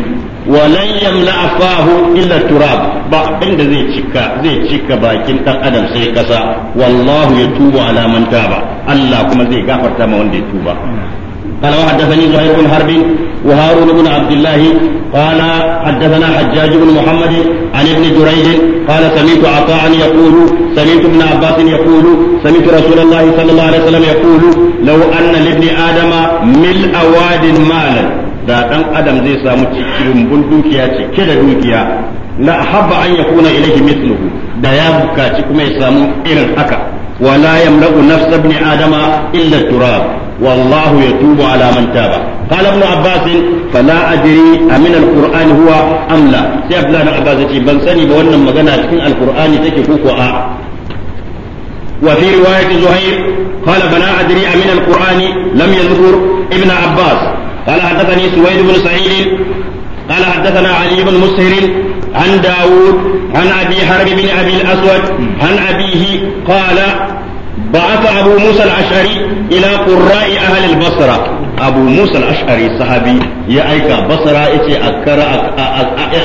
walan la'afahu illa turab ba abinda zai cika zai cika bakin ɗan adam sai kasa wallahu ya tuba alamanta ba Allah kuma zai gafarta ma wanda ya tuba قال وحدثني زهير بن حرب وهارون بن عبد الله قال حدثنا حجاج بن محمد عن ابن جريج قال سمعت عطاء يقول سمعت ابن عباس يقول سمعت رسول الله صلى الله عليه وسلم يقول لو ان لابن ادم ملء واد مالا da dan adam zai samu cikin dukiya cike da dukiya la habba an yakuna ilayhi mithluhu da ya bukaci kuma ya samu irin haka wala yamlaku nafsa ibn adama illa turab والله يتوب على من تاب قال ابن عباس فلا أدري أمن القرآن هو أم لا سيف لا عباس بن سني بوانا مغنى تكون القرآن تكفوك وآ وفي رواية زهير قال فلا أدري أمن القرآن لم يذكر ابن عباس قال حدثني سويد بن سعيد قال حدثنا علي بن مسهر عن داود عن أبي حرب بن أبي الأسود عن أبيه قال بعث أبو موسى الأشعري إلى قراء أهل البصرة أبو موسى الأشعري صحابي يا أيكا بصرة إتي أكرا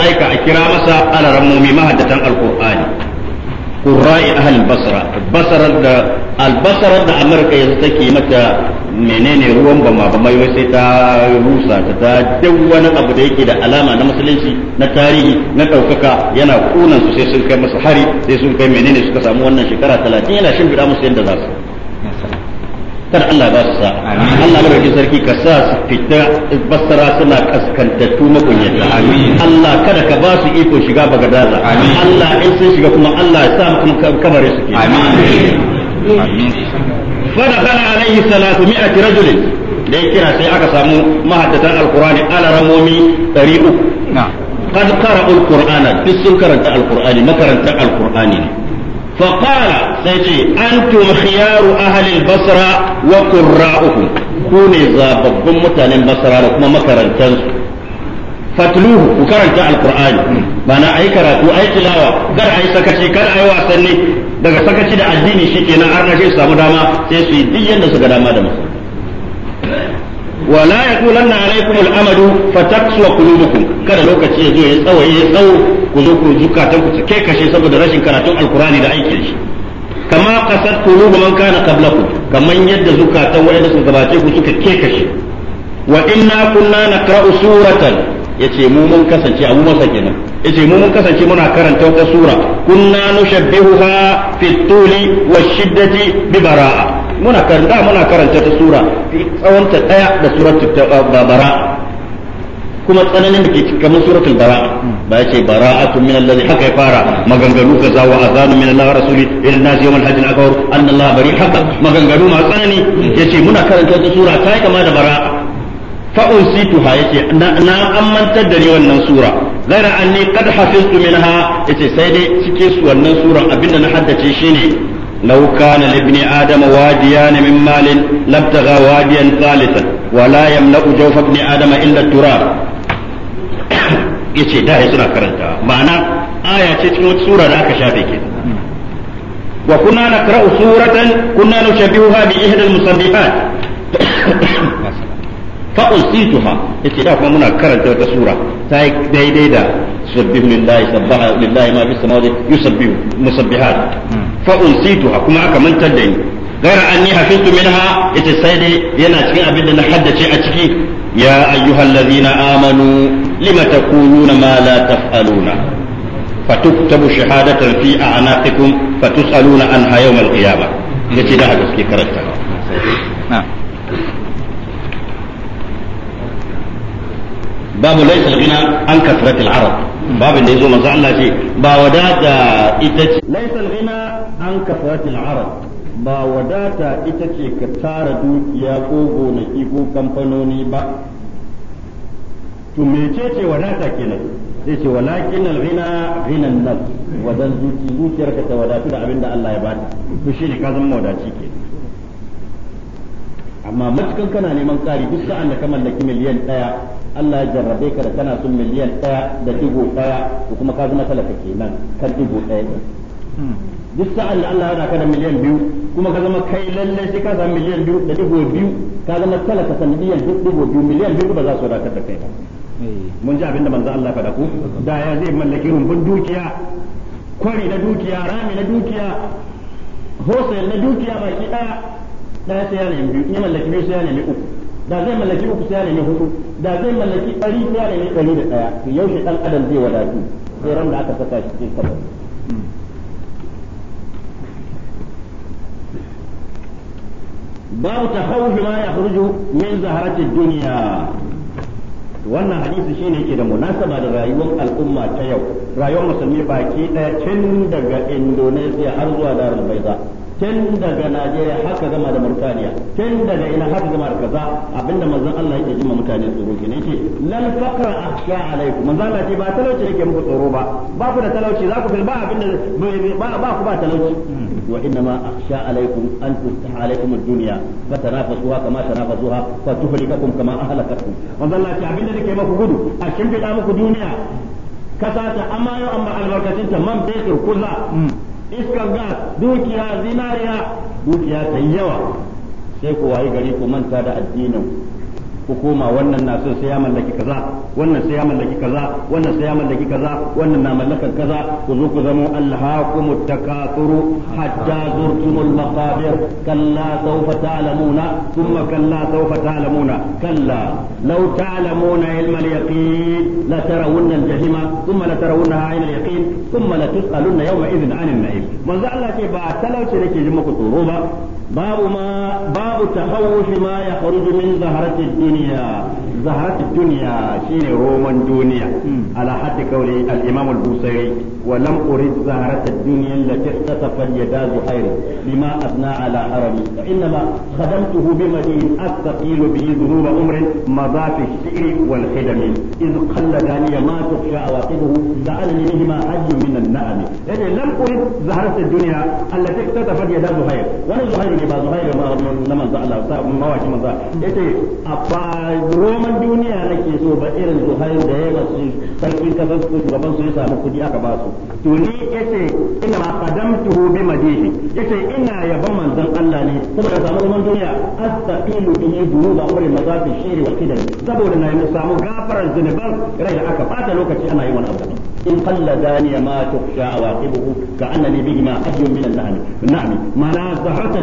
أيكا أكرا مسا على رمومي مهدة القرآن kurai ahal basra basra da albasra da amurka yanzu take mata menene ruwan ba ma ba mai sai ta rusa ta ta duk wani abu da yake da alama na musulunci na tarihi na ɗaukaka yana kunan su sai sun kai masa hari sai sun kai menene suka samu wannan shekara talatin yana shimfiɗa musu yadda za su kar Allah ba su sa Allah madaukakin sarki ka sa su fita basara suna kaskantattu makunyata Allah kada ka ba su iko shiga bagadaza Allah in sun shiga kuma Allah ya sa mu kuma kabare su ke fada fadakala alaihi salatu mi'ati rajulin da ya kira sai aka samu mahaddatan alqur'ani ala ramomi 300 qad qara'u alqur'ana duk sun karanta alqur'ani makarantar alqur'ani ne فقال سيتي أنتم خيار أهل البصرة وقراؤهم كوني زاببكم متان البصرة لكم مكرا تنسوا fatluhu ku karanta alqur'ani mana ai karatu ai tilawa kar ai sakaci kar ai wasanni daga sakaci da addini shikenan har na sai samu dama sai su yi duk yanda suka dama da musu wala yaqulanna alaikum al'amadu fataksu qulubukum kada lokaci ya zo ya tsawaye tsawo ku zo ku zukatan ku take kashe saboda rashin karatun alkurani da aikin shi kama kasar qulubu man kana qablakum kaman yadda zukatan wanda suka gabace ku suka ke kashe wa inna kunna naqra'u suratan yace mu mun kasance abu masa kenan yace mu mun kasance muna karanta wata sura kunna nushabbihuha fi tuli wa shiddati bi bara'a muna karanta muna karanta ta sura tsawon ta daya da suratul bara'a kuma tsananin da ke kamar suratul bara ba ya ce bara'atun min allazi haka ya fara maganganu ka zawa azanu min allahi rasuli irin nasi yawmal hajjil akbar anna allaha bari haka maganganu ma tsanani yace muna karanta ta sura ta yi kama da bara'a fa unsituha yace na ammantar da ni wannan sura gaira anni qad hafiztu minha yace sai dai cikin su wannan suran abinda na haddace shine law kana libni adama wadiyan min malin labtaga wadiyan thalithan ولا يملأ جوف ابن آدم إلا التراب yace da suna karanta ma'ana aya ce cikin wata sura da aka shafe ke wa kunna naqra'u suratan kunna nushabbihuha bi ihda al-musabbihat fa usituha yace da kuma muna karanta wata sura ta yi daidai da subbih lillahi sabbaha lillahi ma bis samawati yusabbihu musabbihat fa usituha kuma aka mantar da ni غير أني حفظت منها يتسيدي yana cikin abin da na haddace a ciki يا أيها الذين آمنوا لم تقولون ما لا تفعلون فتكتب شهادة في أعناقكم فتسألون عنها يوم القيامة يتي ده حدث كرتا نعم babu laisa gina an kasrat al-arab babin da yazo manzo Allah ce ba wadata ita ce laisa gina an kasrat al-arab ba wadata ita ce ka tara dukiya ko gonaki ko kamfanoni ba to mecece wadata kenan sai ce walakin alghina ghinan nas wadan zuci zuciyar ka ta wadatu da abinda da Allah ya bata to shi ne ka zama wadaci ke amma matukan kana neman kari duk sa'an da ka mallaki miliyan ɗaya Allah ya jarrabe ka da kana son miliyan daya da digo daya ko kuma ka zama talaka kenan kan digo daya. duk sa'an da Allah ya raka da miliyan biyu kuma ka zama kai lalle sai ka samu miliyan biyu da digo biyu ka zama talaka sanadiyan duk digo biyu miliyan biyu ba za su raka da kai ba mun ji abin da manzo Allah faɗa ku da ya zai mallaki rumbun dukiya kwari na dukiya rami na dukiya hosel na dukiya baki ɗaya ɗaya sai ya nemi biyu ya mallaki biyu sai ya nemi uku da zai mallaki uku sai ya nemi hudu da zai mallaki ɗari sai ya nemi ɗari da ɗaya yau yaushe ɗan adam zai wadatu sai ran da aka saka shi cikin kabari babu tahawuf ma yakhruju min zaharati duniya wannan hadisi shine ke da munasaba da rayuwar al'umma ta yau rayuwar musulmi ba baki daya tun daga indonesiya har zuwa Darul Baiza tun daga Najeriya haka gama da Murtaniya tun daga ina haka gama da kaza abinda manzon Allah yake jima mutane tsoro ke ne ce lal faqra akhsha alaikum manzon Allah ce ba talauci yake muku tsoro ba ba ku da talauci za ku ba abinda ba ba ku ba talauci hmm. wa inna ma akhsha alaikum an tuftah alaikum ad-dunya fatanafasuha kama tanafasuha fatuhlikakum kama ahlakatkum manzon Allah ce abinda nake maku gudu a shimfiɗa muku duniya kasa ta amma yau amma ta man fetur kuza hmm. iskar ga dukiya zinariya dukiya ta yawa sai ku wayi gari ku manta da addinin hukuma wannan na son sai ya mallaki kaza wannan sai ya mallaki kaza wannan sai ya mallaki kaza wannan na mallakar kaza ku zo ku zamo alhaqumut takathuru hatta zurtumul maqabir kalla sawfa ta'lamuna thumma kalla sawfa ta'lamuna kalla law ta'lamuna ilmal yaqin la tarawunna al-jahima thumma la tarawunna 'ayna al-yaqin thumma la tus'alunna yawma idhin 'anil na'im manzo Allah ce ba talauci nake ji muku tsoro ba باب ما باب تخوف ما يخرج من زهرة الدنيا ظهرت الدنيا شين رومان دنيا على حد قول الإمام البوصيري ولم أرد زهرة الدنيا التي اختطف اليدا زهيري بما أبنى على حرمي وإنما خدمته بمدين أستقيل به ذنوب أمر مضى في الشعر والخدم إذ قل داني ما تخشى عواقبه لعلني بهما حج من النعم يعني لم أرد زهرة الدنيا التي اختطف يدا زهير وأنا زهير لما زهير لما زعل مواجه يعني من زهير روما neman duniya nake so ba irin zuhari da ya rasu sarkin kasar su gaban su ya samu kudi aka ba su to ni yace ina ma qadamtuhu bi madihi yace ina yaban manzon Allah ne da samu zaman duniya astaqilu bihi ba amri mazafi shiri wa kidan saboda na yi samu gafaran zunuban rai da aka bata lokaci ana yi wani abu in qalla zani ma tuqsha awaqibuhu ka annani bihi ma ajyun min an-na'am na'am ma la zahrata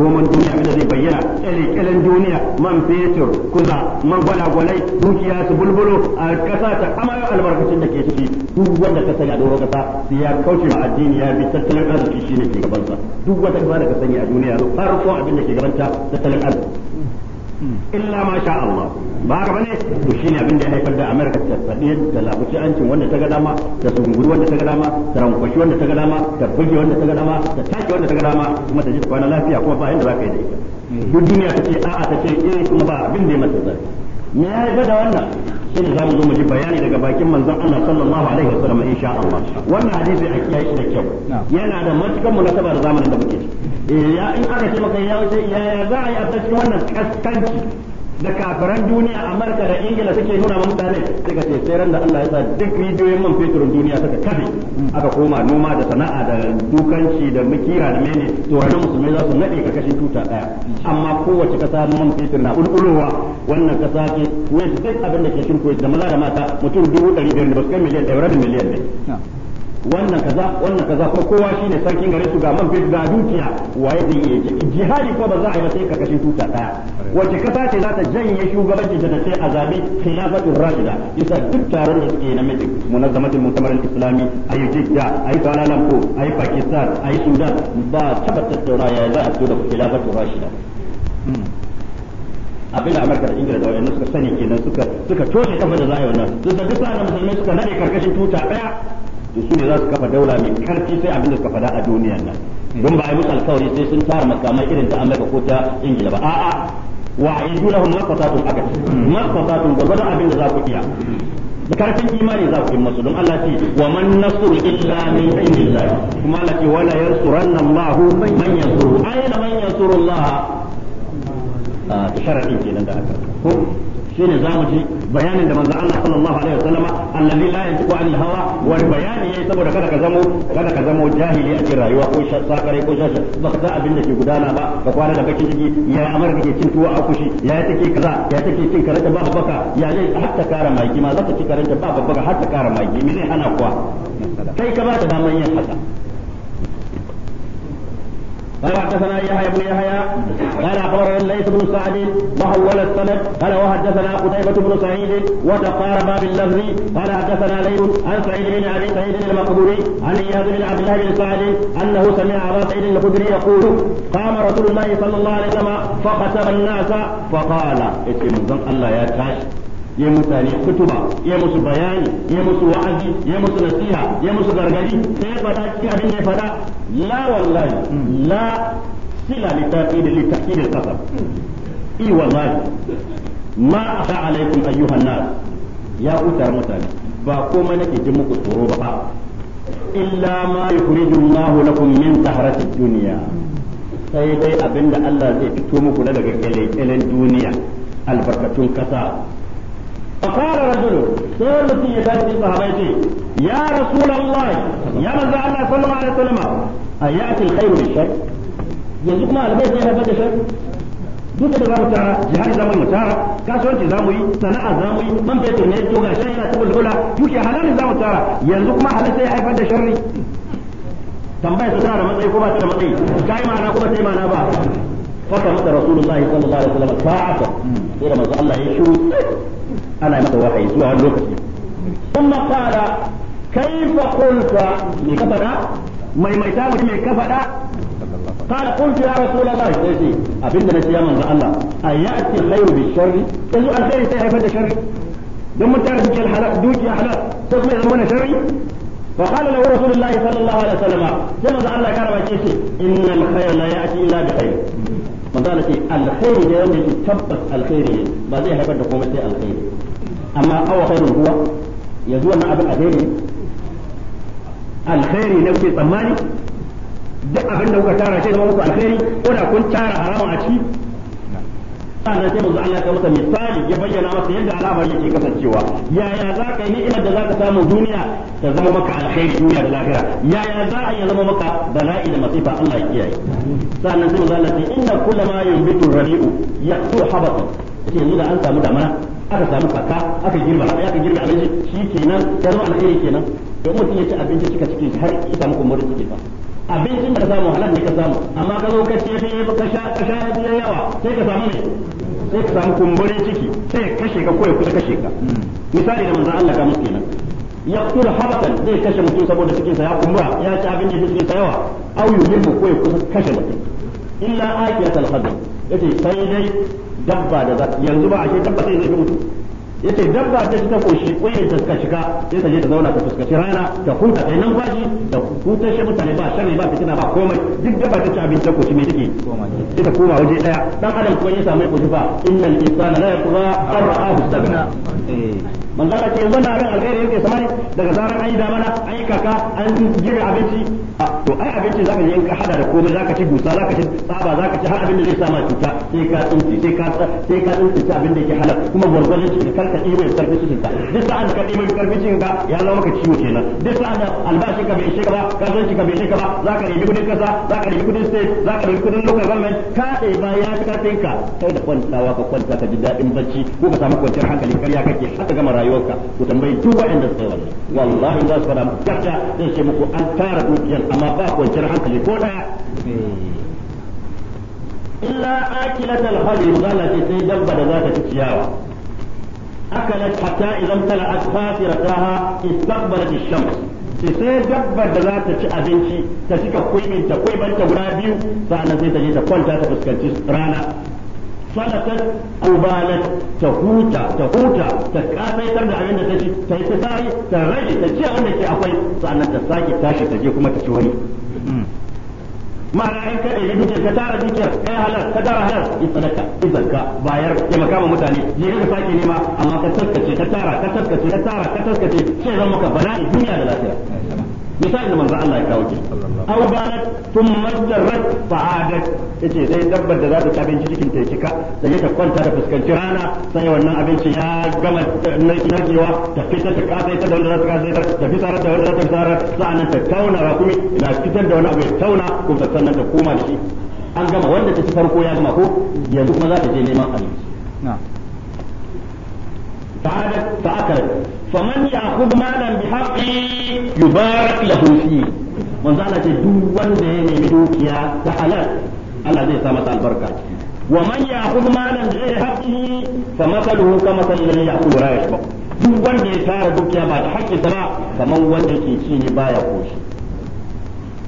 roman duniya min zai bayyana kalkalan duniya man fetur kuma man gwalagwalai dukiya su bulbulo a kasa ta amayo albarkacin da ke ciki duk wanda ka sani a kasa sai ya kauce ma addini ya bi tattalin arziki shine ke gaban sa duk wanda ka sani a duniya farko abin da ke gabanta tattalin arziki illa ma sha Allah ba haka bane to shine abin da ya haifar da America ta faɗi da labuci ancin wanda ta ga dama da sunguru wanda ta ga dama da rankwashi wanda ta ga dama da buge wanda ta ga dama da tashi wanda ta ga dama kuma ta ji kwana lafiya kuma ba inda za ka yi da ita duk duniya ta ce a'a ta ce eh kuma ba abin da ya masa zai me ya haifar da wannan shine zamu zo mu ji bayani daga bakin manzon Allah sallallahu alaihi wasallam insha Allah wannan hadisi a kiyaye shi da kyau yana da matukar munasaba da zamanin da muke ciki ya in aka ce maka ya wuce ya za a yi a wannan kaskanci da kafiran duniya amurka da ingila suke nuna wa mutane sai ka ce sai da Allah ya sa duk rijiyoyin man feturin duniya suka kafe aka koma noma da sana'a da dukanci da mukira da mene to ranar musulmai za su nade karkashin tuta daya amma kowace kasa man fetur na ulkulowa wannan kasa ce wani duk abin da ke shirko da maza da mata mutum dubu ɗari biyar da ba su kai miliyan ɗaya miliyan ne wannan kaza wannan kaza kuma kowa shine sarkin gare su ga man fit ga dukiya waye zai iya yi jihadi ko ba za a yi ba sai karkashin tuta daya wace kasa ce za ta janye shugabanci da sai a zabi khilafatul rashida isa duk taron da suke na mitin munazzamatul mu'tamarin islami ayi jidda ayi kuala lumpur ayi pakistan ayi sudan ba taba tattauna ya za a fito da khilafatul rashida hmm. abin da amurka da ingila da wayannan suka sani kenan suka suka toshe kafa da zai wannan duk da duk sanan musulmai suka nade karkashin tuta daya da su ne za su kafa daula mai karfi sai abin da suka faɗa a duniyar nan don ba a yi musu alkawari sai sun tara makamai irin ta amurka ko ta ingila ba a'a wa a yi lahum makwasatun aka ce mafasatun gwagwadon abin da za ku iya da karfin imani za ku yi masu don Allah ce wa man nasru illa min indillah kuma Allah ce wala yansuranna Allah man yansuru ayyana man yansuru Allah ah, a sharadin kenan da aka ko shine zamu ji bayanin da manzo Allah sallallahu alaihi wasallama allazi la yantiqu an hawa wani bayani yayi saboda kada ka zamo kada ka zamo jahili a cikin rayuwa ko sakare ko shasha ba ka abin da ke gudana ba ka kwana da bakin ciki ya amurka ke cin tuwo a kushi ya take kaza ya take cin karanta ba baka ya zai hatta kara magi ma za ta ci karanta ba babbaka hatta kara hana kuwa kai ka bata daman yin قال حدثنا يحيى بن يحيى قال اخبرنا الليث بن سعد وحول السند قال وحدثنا قتيبة بن سعيد وتقاربا باللفظ قال حدثنا ليل عن سعيد بن ابي سعيد المقبوري عن اياد بن عبد الله بن سعد انه سمع ابا سعيد الخدري يقول قام رسول الله صلى الله عليه وسلم فخسر الناس فقال اسم الله يا تاشي ya mutane kutuba ya musu bayani ya musu wa'azi ya musu nasiha ya musu gargadi sai ya faɗa cikin abin ya faɗa la wallahi la sila litafi da litafi da kasa i wallahi ma aka alaikum ayyuhan nas ya kuta mutane ba komai nake jin muku tsoro ba illa ma yukhrijullahu lakum min zahrati dunya sai dai abinda Allah zai fito muku daga kyalen duniya albarkatun kasa فقال رجل سيرتي يدعي صحابتي يا رسول الله يا من الله صلى الله عليه وسلم أيأتي الخير بالشر؟ yanzu kuma albai sai haifar da duk da zamu tara jihar zamu mu tara kasuwanci zamu yi sana'a zamu yi man fetur ne to gashi yana tabul dola duke halalin zamu tara yanzu kuma halal sai haifar da sharri tambaya ta tana da matsayi ko ba ta da matsayi kai ma'ana ko ba ta yi mana ba haka maka rasulun Allah ya zama zara zama ta'ata Allah ya shiru ana maka wahayi zuwa wani lokaci sun makara kai fa kulta mai kafa da maimaita mai mai kafa da kada abinda na siya manzan Allah a ya ce hayo bi haifar da shari don mun tara dukiyar halal dukiyar halal sai kuma ya zama shari فقال له رسول الله صلى manzo Allah ce alkhairi da wanda yake tabbas alkhairi ne ba zai haifar da komai sai alkhairi amma awa khairun huwa yanzu wannan abin alkhairi alkhairi ne kuke tsammani duk abin da kuka tara shi da muku alkhairi ko da kun tara haramun a ciki sannan sai manzo Allah ya masa misali ya bayyana masa yadda al'amari yake kasancewa yaya za ka yi ni'imar da za ka samu duniya ta zama maka alkhairi duniya da lahira yaya za a yi zama maka bala'i da masifa Allah ya kiyaye sannan sai manzo Allah ya ce inna kullama yumbitu rabi'u yaqtu habatu yace yanzu da an samu damana aka samu kaka aka girba aka girba abinci shi kenan ya zama alkhairi kenan to mutum ya ci abinci cika ciki har ya samu kumburin ciki abincin da ka samu halal ne ka samu amma ka zo ka ce sai ka sha ka sha ya yawa sai ka samu ne sai ka samu kumburin ciki sai kashe ka koyi kusa kashe ka misali da manzon Allah ka musu kenan ya kula habatan zai kashe mutum saboda cikinsa ya kumbura ya ci abin da cikinsa yawa au yuhibbu koyi kusa kashe mutum illa akiyatul hadr yace sai dai dabba da yanzu ba a ce dabba sai zai mutu yace dabba ta shi ta koshi kuyin ta suka shiga sai ta je ta zauna ta fuskaci rana ta huta kai nan bashi da hutar shi mutane ba sharri ba fitina ba komai duk dabba ta ci abinci ta koshi me take sai ta koma waje daya dan adam kuma ya samu koshi ba innal insana la yaqra qarra'ahu stagna eh. manzo Allah ce yanzu na alheri yake sama ne daga zaran an yi damana an yi kaka an jira abinci to ai abinci zaka yi in ka hada da komai zaka ci gusa zaka ci tsaba zaka ci har abin da zai ma cuta sai ka tsinci sai ka sai ka tsinci abin da yake halal kuma gwargwadon cikin karka ɗiba ya karfi cikin ka duk sa'an ka ɗiba karfi cikin ka ya zama maka ciwo kenan duk sa'an da albashin ka bai ishe ka ba kasuwanci ka bai ishe ka ba zaka ɗibi kudin kasa zaka ɗibi kudin state zaka ɗibi kudin local government ka ɗiba ya ka tinka ka kai da kwantawa ka kwanta ka ji daɗin bacci ko ka samu kwanciyar hankali kariya kake haka gama rayuwa rayuwarka ku tambayi duk waɗanda suka wannan wallahi za su fara muku zai ce muku an tara dukiyar amma ba kwanciyar hankali ko ɗaya illa akilatal hadi zala ce sai dabba da za ta ci ciyawa أكلت حتى إذا امتلأت خاسرتها استقبلت الشمس sai dabbar da za ta ci abinci ta cika kuimin ta kuimin guda biyu sa'annan sai ta je ta kwanta ta fuskanci rana sadakar ubalat ta huta ta huta ta kasaitar da abin da ta ci ta yi ta sai ta rage ta ce wanda ke akwai sannan ta sake tashi ta je kuma ta ci wani ma'ana in ka ɗaya dukiyar ka tara dukiyar yi halar ka tara halar yi sadaka ya zakka bayar ya makama mutane je ka sake nema amma ka taskace ka tara ka taskace ka tara ka taskace sai zan maka bala'i duniya da lafiya misalin da manzon Allah ya kawo ke aw banat tun mazdarat fa'adat yace sai dabbar da za ta abinci cikin ta da ya kwanta da fuskanci rana sai wannan abinci ya gama narkewa ta fitar ta kasa ta da wanda za ta kasa ta ta fitar da wanda za ta fitar sa'annan ta tauna rakumi na fitar da wani abu ya tauna ko ta sannan ta koma shi an gama wanda ta ci farko ya gama ko yanzu kuma za ta je neman abinci fa'adat fa'akarat faman ya'khudh malan bihaqqi yubarak lahu fi manzo Allah ce wanda ya nemi dukiya ta halal Allah zai sa masa albarka wa man ya'khudh malan bighayri haqqihi famathaluhu kamathali alladhi ya'khudhu ra'iyatan duk wanda ya tara dukiya ba da haƙƙi sana kamar wanda ke ci ne baya koshi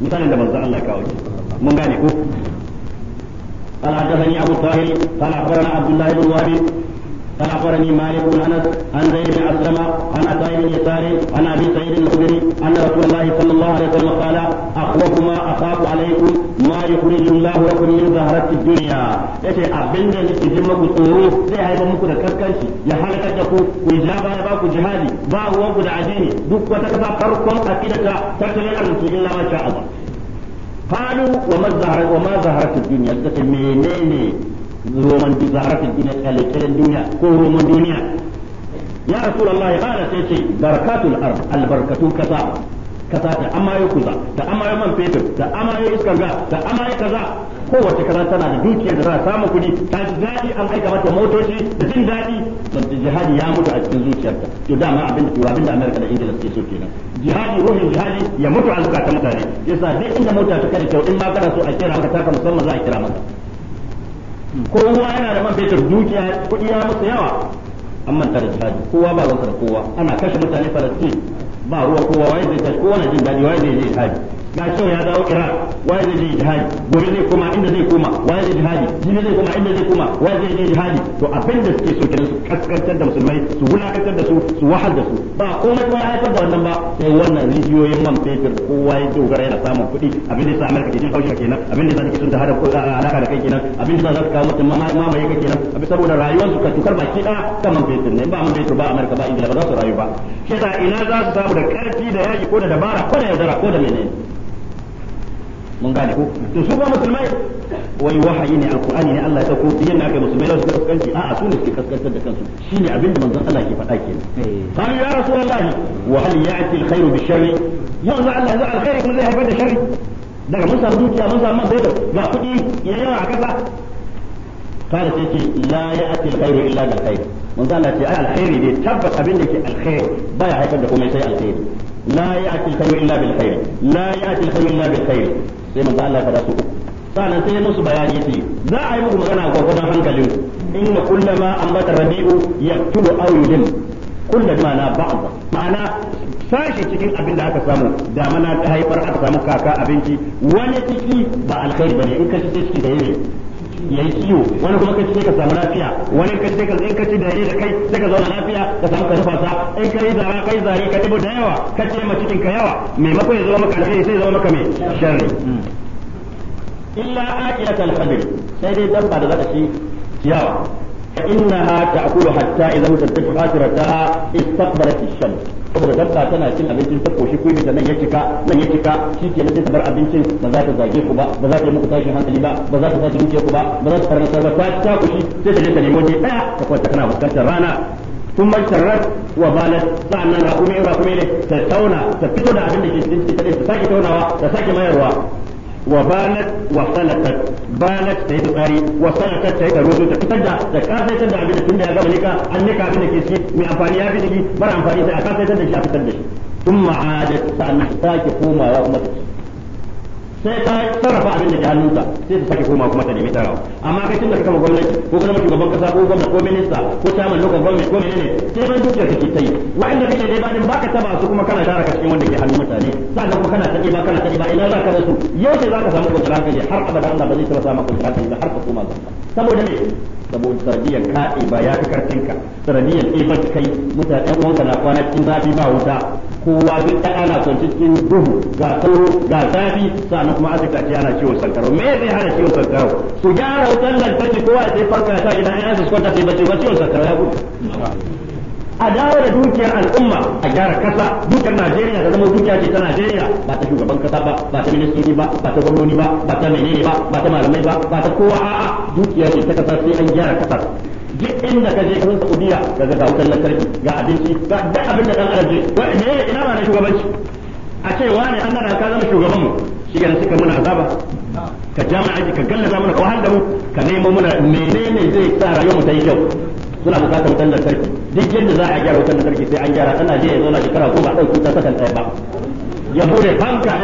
misalin da manzo Allah kawo mun gane ko قال حدثني ابو الطاهر قال عبد الله بن وابي قال اخبرني an بن انس عن زيد بن اسلم عن عطاء بن يسار عن ابي سعيد الخدري ان رسول الله صلى الله عليه وسلم قال اخوف ما اخاف عليكم ما يخرج الله لكم من زهرة الدنيا yace abin da nake jin muku tsoro zai haifar muku da kaskanci ya halakar da ku ku ja baya ba jihadi ba ruwanku da addini duk wata kasa farkon akidata tattalin arziki illa ma sha Allah قالوا وما زهرة وما زهرة الدنيا menene roman zaharatin duniya kyalekyalen duniya ko roman duniya ya rasulullah ya bada sai ce barakatul ard albarkatun kasa kasa ta ya kuza ta ya man fetur ta amayo iskar ga ta ya kaza kowace kaza tana da dukiyar da za a samu kuɗi ta ji daɗi an aika mata motoci da jin daɗi da jihadi ya mutu a cikin zuciyarta to dama abin da tura abin da amerika da ingila suke so kenan jihadi ruhin jihadi ya mutu a zukatan mutane yasa duk inda mota ta kada kyau in ma kana so a kira maka taka musamman za a kira maka kowa yana da man fetur dukiya kuɗi ya musu yawa an manta da jihadi kowa ba wansa da kowa ana kashe mutane falastin ba ruwa kowa waye zai tashi kowa na jin daɗi waye zai je jihadi ga cewa ya dawo kira waye zai je jihadi gobe zai koma inda zai koma waye zai jihadi jibi zai koma inda zai koma waye zai je jihadi to abin da suke so kenan su kaskantar da musulmai su wulakantar da su su wahal da su ba komai kuma ya haifar da wannan ba sai wannan rijiyoyin man fetur kowa ya dogara yana samun kuɗi abin da yasa amurka ke jin haushi kenan abin da yasa take sun ta hada alaka da kai kenan abin da yasa za ka kawo mutum mamaye ka kenan abin saboda rayuwar su ka tukar baki ɗaya kan man fetur ne ba man fetur ba amurka ba ingila ba za su rayu ba shi ina za su samu da karfi da yaki ko da dabara ko da yaudara ko da menene mun gane ko to su ba musulmai wai wahayi ne alqur'ani ne Allah ya dauko biyan da aka musulmai za su kaskanci a'a su ne suke kaskantar da kansu shine abin da manzon Allah ke faɗa kenan eh. qalu ya rasulullah wa hal ya'ti alkhayr bisharri yanzu Allah yanzu alkhairu kuma zai haifar da sharri daga mun samu dukiya mun samu man ga kuɗi ya yawa a kasa kada sai ce la ya'ti alkhayru illa bil khair manzon Allah ce ai alkhairi ne tabbas abin da ke alkhair baya haifar da komai sai alkhairi la ya'ti al-khayru illa bil khair la ya'ti al-khayru illa bil khair sai manzo Allah ya su sannan sai musu bayani yace za a yi muku magana gwagwadon hankalin inna kullama ambata rabi'u yaqtulu aw yudim kullu ma'ana ba'd ma'ana sashi cikin abin da aka samu damana ta haifar aka samu kaka abinci wani ciki ba alkhairi bane in ka ci ciki da yare ya yi ciwo wani kuma kace ka samu lafiya wani kace ka in ci da da kai sai ka zauna lafiya ka samu kai fasa in kai zara kai zari ka tabo da yawa ce ma cikin ka yawa mako ya zama maka alheri sai zama maka mai sharri illa aqilat al-qadr sai dai dabba da zaka ta ci ciyawa ta'kulu hatta idza إذا امتدت istaqbalat ash-shams saboda dabba tana cin abincin ta koshi kuyi da nan ya cika nan ya cika shi ke nan ta bar abincin ba za ta zage ku ba ba za ta yi muku tashin hankali ba ba za ta tashi dukiya ku ba ba za ta fara ba ta ta kushi sai ta je ta nemo ne daya ta kwanta tana fuskantar rana ثم wa وبالت سعنا ra'umi ra'umi ne ta tauna ta fito da abin da ke cikin ta ta sake taunawa ta sake mayarwa وبانت وصلتت بانت تهي تقاري وصلتت تهي تروزو تتدى تكاسي تدع عبيدة تندى يا قبل أنك عبيدة كيسي من أنفاني يا بيدي برا أنفاني سيأكاسي تدى شعب تدى ثم عادت سأنحتاج قوما يا أمتك sai ta sarrafa abin da ke hannunsa sai ta sake koma kuma ta nemi tarawa amma kai tun da kama gwamnati ko kuma gaban kasa ko gwamnati ko minista ko mallu local gwamnati ko menene sai ban dukiyar ke ta yi wa'anda kake dai ba ka taba su kuma kana tara ka cikin wanda ke hannun mutane sannan kuma kana ta ba kana ta ba ina za ka rasu yau sai za ka samu kwanciyar hankali har abada Allah ba zai taba samu kwanciyar hankali har ka koma zaka saboda ne saboda sanadiyar kaɗe ba ya fi karfinka ka sanadiyar ɗefar kai mutane ɗan uwanka na kwana cikin zafi ba wuta kowa duk ɗan ana son cikin duhu ga sauro ga zafi sannan kuma aka kace ana ciwon sankarau me zai hana ciwon sankarau su gyara wutar lantarki kowa ya sai farko ya sa gidan ya su kwanta sai bacci ba ciwon sankarau ya gudu a dawo da dukiyar al'umma a gyara kasa dukiyar Najeriya da zama dukiya ce ta Najeriya ba ta shugaban kasa ba ba ta ministoci ba ba ta gwamnoni ba ba ta menene ba ba ta malamai ba ba ta kowa a'a dukiya ce ta kasa sai an gyara kasa duk inda ka je kasar Saudiya ga ga wutar lantarki ga abinci ga duk abin da dan arabe wai ne ina ba na shugabanci a ce wani an ka zama shugaban mu shi kenan suka muna azaba ka jama'a ka gallaza mana ko har da mu ka nemo muna menene zai sa rayuwar mu ta yi kyau suna bukatar wutan lantarki duk yadda za a gyara wutan lantarki sai an gyara tana je ya zauna shekara goma a ɗauki ta sakan ɗaya ba ya bude fanka